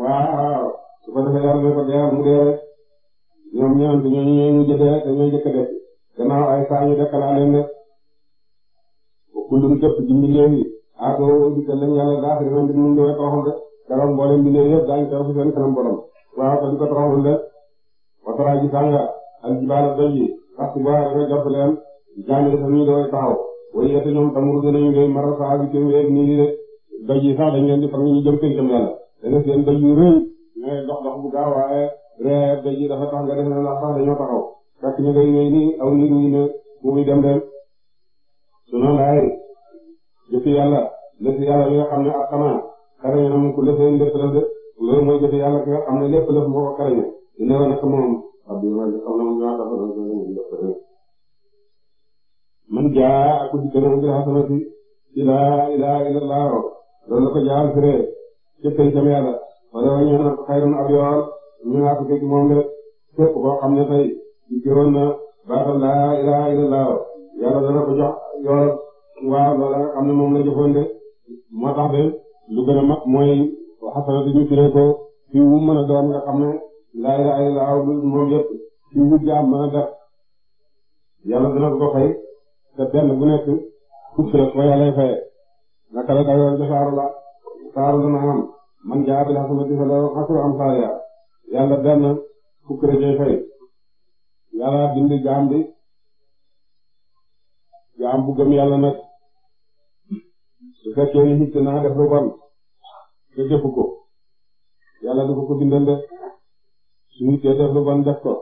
Speaker 1: waaw su ko defee yàlla ne ko deewal mu dee rek ñoom ñaan ñooñu ñooñu jëndee rek dañoo jëkk a def gannaaw ay saa ñu dekkalaat leen de. kullum képp ci mbindeef yi ah soo gisee lañ yàlla daa xëy na mbir mi dina toroxal de keroog mboolem mbindeef yëpp daañu teew ci seen kanam borom waaw te di ko toroxal de wasaraay ji sànga ak jibaala doj yi sax bu baax dafa jàpp leen jaamil fa ñuy doon taxaw waaye yëpp ñoom tamuru dinañ ngay maral saa bi jëm yeeg nii de doj yi sax dañ leen di fang ñu jëm kër jëm yàlla da nga seen doj yu rëy ngay dox dox bu gaaw waaye rëy dafa tax nga def na ndax sax dañoo taxaw fekk ñu ne mu sunu laay jëfi yàlla lëfi yàlla bi nga xam ne ak xanaa xarañe na mu ku lëfeen lépp lëf de loolu mooy jëfi yàlla ki nga xam ne lépp lëf moo ko xarañe dina war a nekk moom abdi waji xam na mu ñëwa dafa man jaa ak di kanam bi hasanati ilaa ilaa illallah loolu la ko jaal firee ci pencam yàlla wala wa na ko xayrun ab yool ñu naa ko fekk moom de képp koo xam ne tey ci giroon na baatal laa yàlla dana ko jox yoola waaw loola nga xam ne moom la jëfoon moo tax de lu gën a mat mooy xasanatu ñu firee ko fi wu mën a doon nga xam ne laa ilaaha illallaa moom yëpp fi wu jaam mën a def yàlla dana ko fay te benn bu nekk fukki la ko yàlla fayee naka la dayoon ca saaru la saaru dana man jaa bil hasanati falahu asru amsaalihaa yàlla benn fukki la cay fay yàlla bind jaam bi jaam bu gëm yàlla nag su fekkee ni def lu bon te defu yàlla du ko ko su xittee def lu bon def ko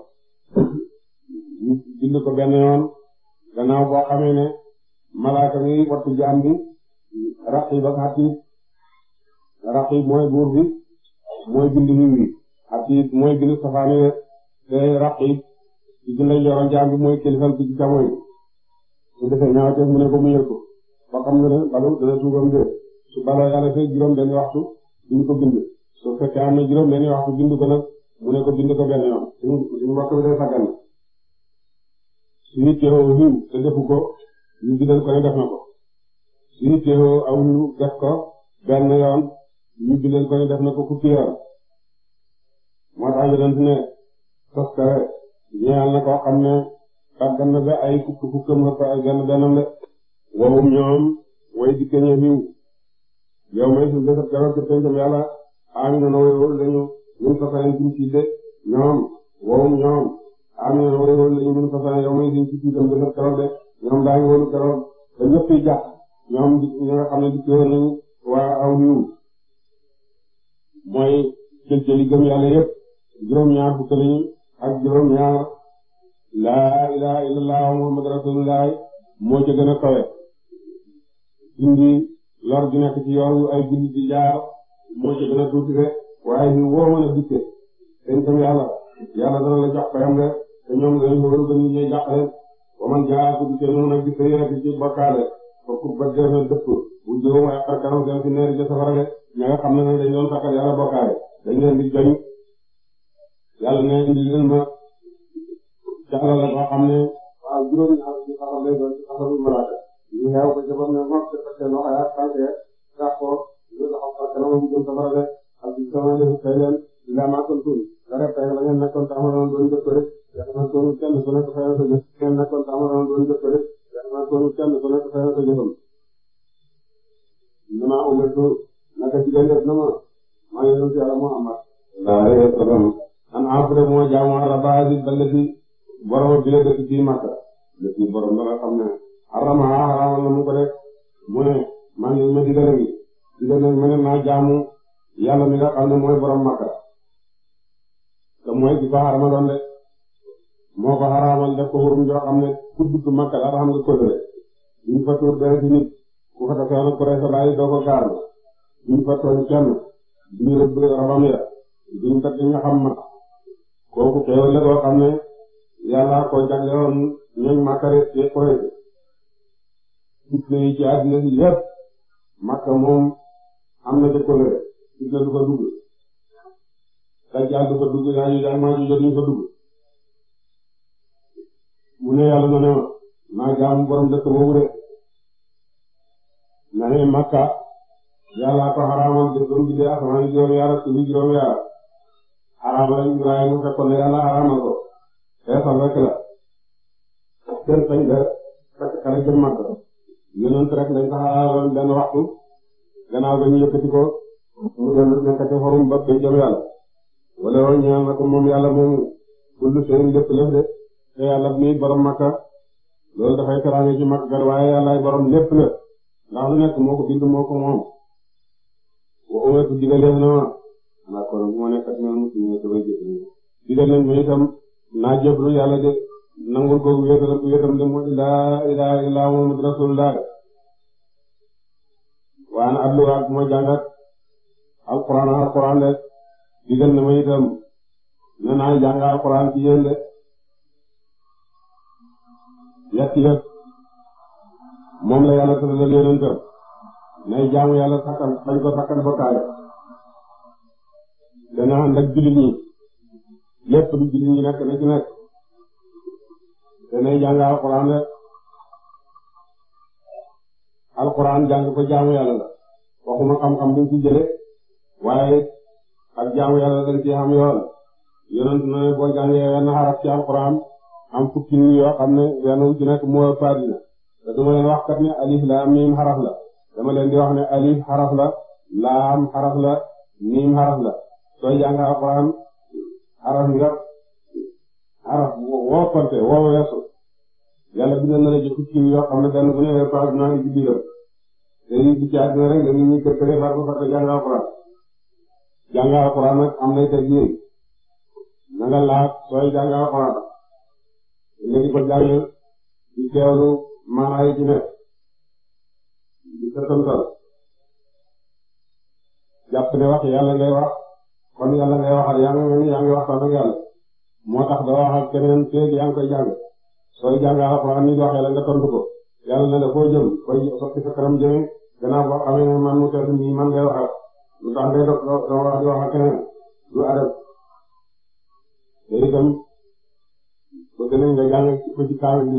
Speaker 1: ñu bind ko boo xamee ne malaaka mi wattu jaam bi raqib ak atid raqib mooy buur bi mooy bind yiw yi atid mooy bind safaani te raqib ci bind jaam bi mooy kilifal bi ci jamono bu defee ñaawteef mu ne ko muñal ko ba xam su baloo yàlla fee juróom benn waxtu su fekkee waxtu bind ko nag mu ne ko bind ko benn yoon suñu suñu mbokk bi def na ko su nit def ko benn yoon ñu bindal ko ne def na ko fukki yoon moo tax yonent ne tos kare ñeel na koo xam ne sàggan na ba ay fukk fukkam xëpp ay benn bennam de wowum ñoom way dikke ñu xiw yow may suñ desab keroog ci pencam yàlla amina na way wóolu lañu ñun façayen suñ tiide ñoom wowum ñoom amina na way wóolu lañu ñun yow may suñ ci tiidam de ñoom daañu wóolu keroog ba ñëpp jax ñoom ñi waa aw xiw mooy cël cëli gëm yàlla juróom ñaar fukk ak juróom ñaar laa ilaha illallah muhammad rasulullah moo ca gën a kawe indi lor gi nekk ci yoon yu ay jullit di jaar moo ca gën a tuuti de waaye fi woo mën a dikke dañ tam yàlla yàlla dana la jox payam de te ñoom ngay loolu gën ñu ñuy jàppale ba man jaa tudd te noonu nag gis yéen a ci bokkaale foofu ba def na dëpp bu jëw ma xar kanam seen ci neeri ca safara de ña nga xam ne dañ doon takkal yàlla bokkaale dañ leen di joñ yàlla ne indi leen ma ci alal la boo xam ne waaw juróom-ñaar ci xarala lay doon ci xarala bu malaaka ñu xew ko ca ba mu ne moom ca fekkee loxo yaa tànk ya tax ko ñu doxal ko kanam ñu jëm safara de ak ci sama ne fay leen ila ma kuntum la rek tey la ngeen nekkoon taxawaloon doon jëf ko rek yàlla ko kenn ku nekk fayal sa jëf ngeen nekkoon taxawaloon doon jëf ko rek yàlla ko kenn ku nekk fayal sa jëfam dama umirtu naka ci gàncax gi ma maa ngi leen si yàlla moo amaat. waaw léegi boromam a la dëkk bii Makka dëkk bi borom dara xam ne xarama xaramal na mu ko def mu man lañ ma digal ak digal nañ naa jaamu yàlla mi nga xam ne mooy borom Makka te mooy ki ko xaramaloon de moo ko xaramal def ko xurum joo xam ne ku dugg Makka daal xam nga kóllëre duñ fa tuur dara ci nit ku fa defee woon kuréel laay doo ko gaar duñ fa tooñ kenn duñ rëbb rabam ya duñ takk nga xam ma kooku xéewal la xam ne. yàlla ko jaglewoon ñooñ Makka rek ci Quraysh fitna yi ci àddina si yépp Makka moom am na jëkkoon rek fitna du ko dugg Dajjaal du ko dugg Yaajuuj ak Maajuuj duñu dugg mu ne yàlla na ne ma naa jaam borom dëkk boobu de na ne Makka yàlla ko xaraamal de doom bi de asamaan yi juróom yaara suuf yi juróom yaara xaraamal Ibrahima fekkoon na yàlla xaraamal ko xeesal te yàlla mi borom makka loolu dafay teraange ci makka kat waaye yàllaay borom lépp la ndax lu nekk moo bind moo ko moom wa umetu digaleef na ma naa kon bu ma nekkat noonu musu ñu ne dafay naa jébbalu yàlla de nangul googu wéetal wéetam de mooy laa ilaaha illaa muhammadu rasulullah de waan adlu ak mooy jàngat alquran alquran de digal na ma itam ne naa jàng alquran ci yéen de yett yëpp moom la yàlla tëralal yonentam nay jaamu yàlla sakkal bañ ko sakkal bokkaale dana ànd ak jullit ñi lépp lu julli ñi na ci nekk danay jàng alxuraan rek alxuraan jàng ko jaamu yàlla la waxuma xam-xam bu ci jële waaye xaraf ci alxuraan am fukki ni yoo xam ne wenn wu nekk moo fadina te duma leen wax kat ne alif laam miim xaraf la dama leen di wax ne alif xaraf la laam xaraf la miim xaraf la soo jàng alxuraan araf yi rab araf woo konte woo weesu yàlla bind na la ci fukki yoo xam ne benn bu ne weesu araf naa ngi ci biiram dañuy dugg ci àdduna rek dañuy far ko far ko jàng alxuraan jàng alxuraan nag am nay teg yéen na nga laaj sooy jàng alxuraan nga di ko jàng di teewlu maanaa yi ci nekk di ko tontal jàpp ne wax yàlla ngay wax kon yàlla ngay waxal yaa ngi mel waxtaan ak yàlla
Speaker 2: moo tax doo wax ak keneen feeg koy jàng sooy jàng alxuraan ni waxee la nga tontu ko yàlla na la foo jëm koy sotti sa kanam jëme gannaaw boo xamee ne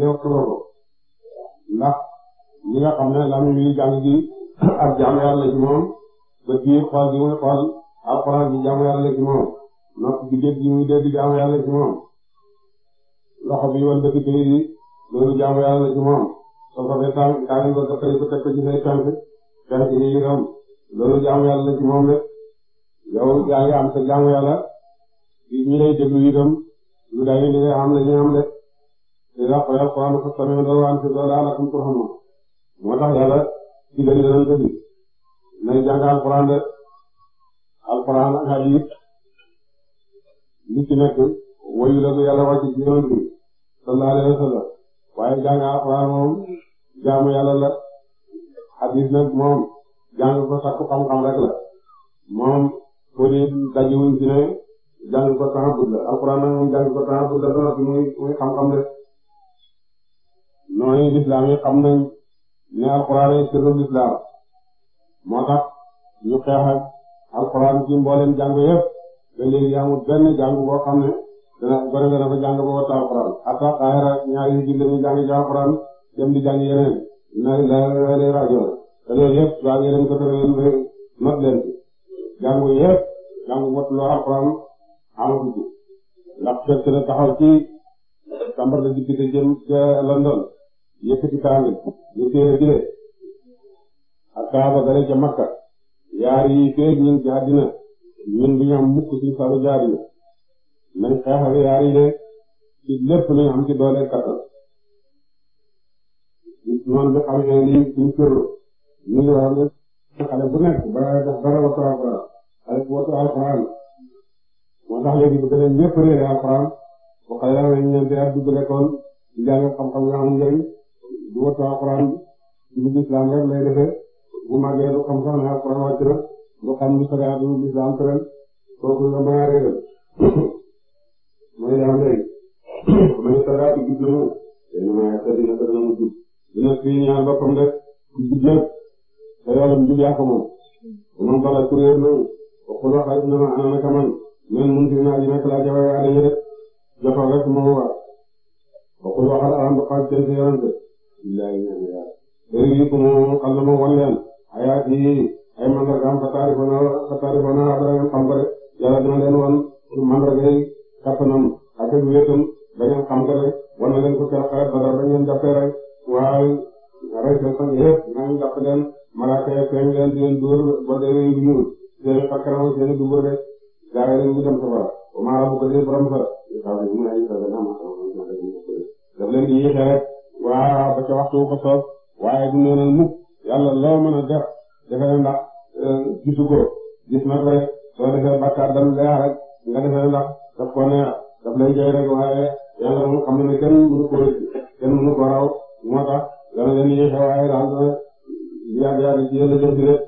Speaker 1: loolu ndax ñi nga xam ne lami wi jàng gi ak jaam yàlla moom bët yi xool gi muy xool alxuraan ji jaamu yàlla ci moom nopp gi dégg yàlla ci moom loxo bi wan dëgg tey loolu jaamu yàlla ci moom loolu jaamu yàlla ci moom de yow yaa ngi am sa jaamu yàlla ñu lay déglu itam lu dayu li nga xam la ñu am de te daa koy alxuraan ko samee doo waan si doo daal akum turxamu moo tax yàlla ci gën a gën a nay jàng alxuraan de alquran ak hadith li ci nekk wayu la ko yàlla wàcc ci yonent bi sallallahu wa sallam waaye jàng alquran moom
Speaker 2: jaamu yàlla la hadith nag
Speaker 1: moom jàng ko sakku xam-xam rek la moom foo di dajewuñ ci ne jàng ko taxabut la alquran nag moom jàng ko taxabut la doon muy muy xam-xam rek noonu lislaam yi xam nañ
Speaker 2: ne alquran ay sirru lislaam moo tax ñu xeex alxuraan ci mbooleem jàngu yëpp ba léegi amul benn dana gone dana fa jàng ba watta alxuraan hatta xaayara ñaari julli mu jàng ci alxuraan di jàng yeneen na la lay rajo te loolu yëpp daa ngi leen ko tëral
Speaker 1: not leen ci jàngu yëpp jàngu mottuloo alxuraan amatu ci ndax fekk na taxaw sambar da diggite jëm ca London yëkkati kaamil ñu téere jëlee ak kaaba gale ca Makka yaar yi feeg ñun ci àddina ñun duñu am mukk suñu salu jaar yi nañ xeexal yaar yi de ci lépp lu am ci doole kattan noonu bi xam ne lii suñu kër ñu ngi wax xale bu nekk balaa def dara wattu alxuraan xale bu wattu alxuraan moo tax léegi bu gën a ñëpp réere bu xale yaa ngi ñeenti at dugg lekkool di jàng xam-xam yoo xam njëriñ du wattu alxuraan ci islam rek lay defee bu màggee lu xam-xam ne alxuraan wàcc lu xam lu sariya bu lislaam tëral kooku nga mën a ku mel ni sariya bi jub na mu ma yàqee dina ko dana mu jub dina fii ñaan boppam rek ku jub lépp te mu jub yaa ko moom ku ma ana naka man man mun si naa ji nekk laa jafe waa dañu rek jotoo rek moo waa waxuloo xal alam ba xaaj jënd si ma wan ayaati ay mandargaam fa taarifoona fa taarifoona dara ngeen xam ko de yàlla dina leen wan mandargay kattanam ak ak wéetam ba ngeen xam ko de wan na leen ko seen xarit Badar ba ngeen jàppee rek waaye rey seen sang yëpp nañ jàpp leen malaaka ya feeñ leen di leen dóor ba dee yu ñuul seen i fakkaram seen i dugub de gaa yi ñu dem safara ba maa rabu ko dee borom fa daf leen di yéexee rek waa ba ca waxtu ko soob waaye du neenal mukk yàlla loo mën a def defee ndax eh, gisu ko gis na rek soo defee bakkaar dam leer rek nga defee ndax daf ko neex daf lay jëy rek waaye yàlla moom xam na ne kenn mënu ko kenn mënu ko moo tax dana leen yéexe waaye daal dana yàgg yàgg rek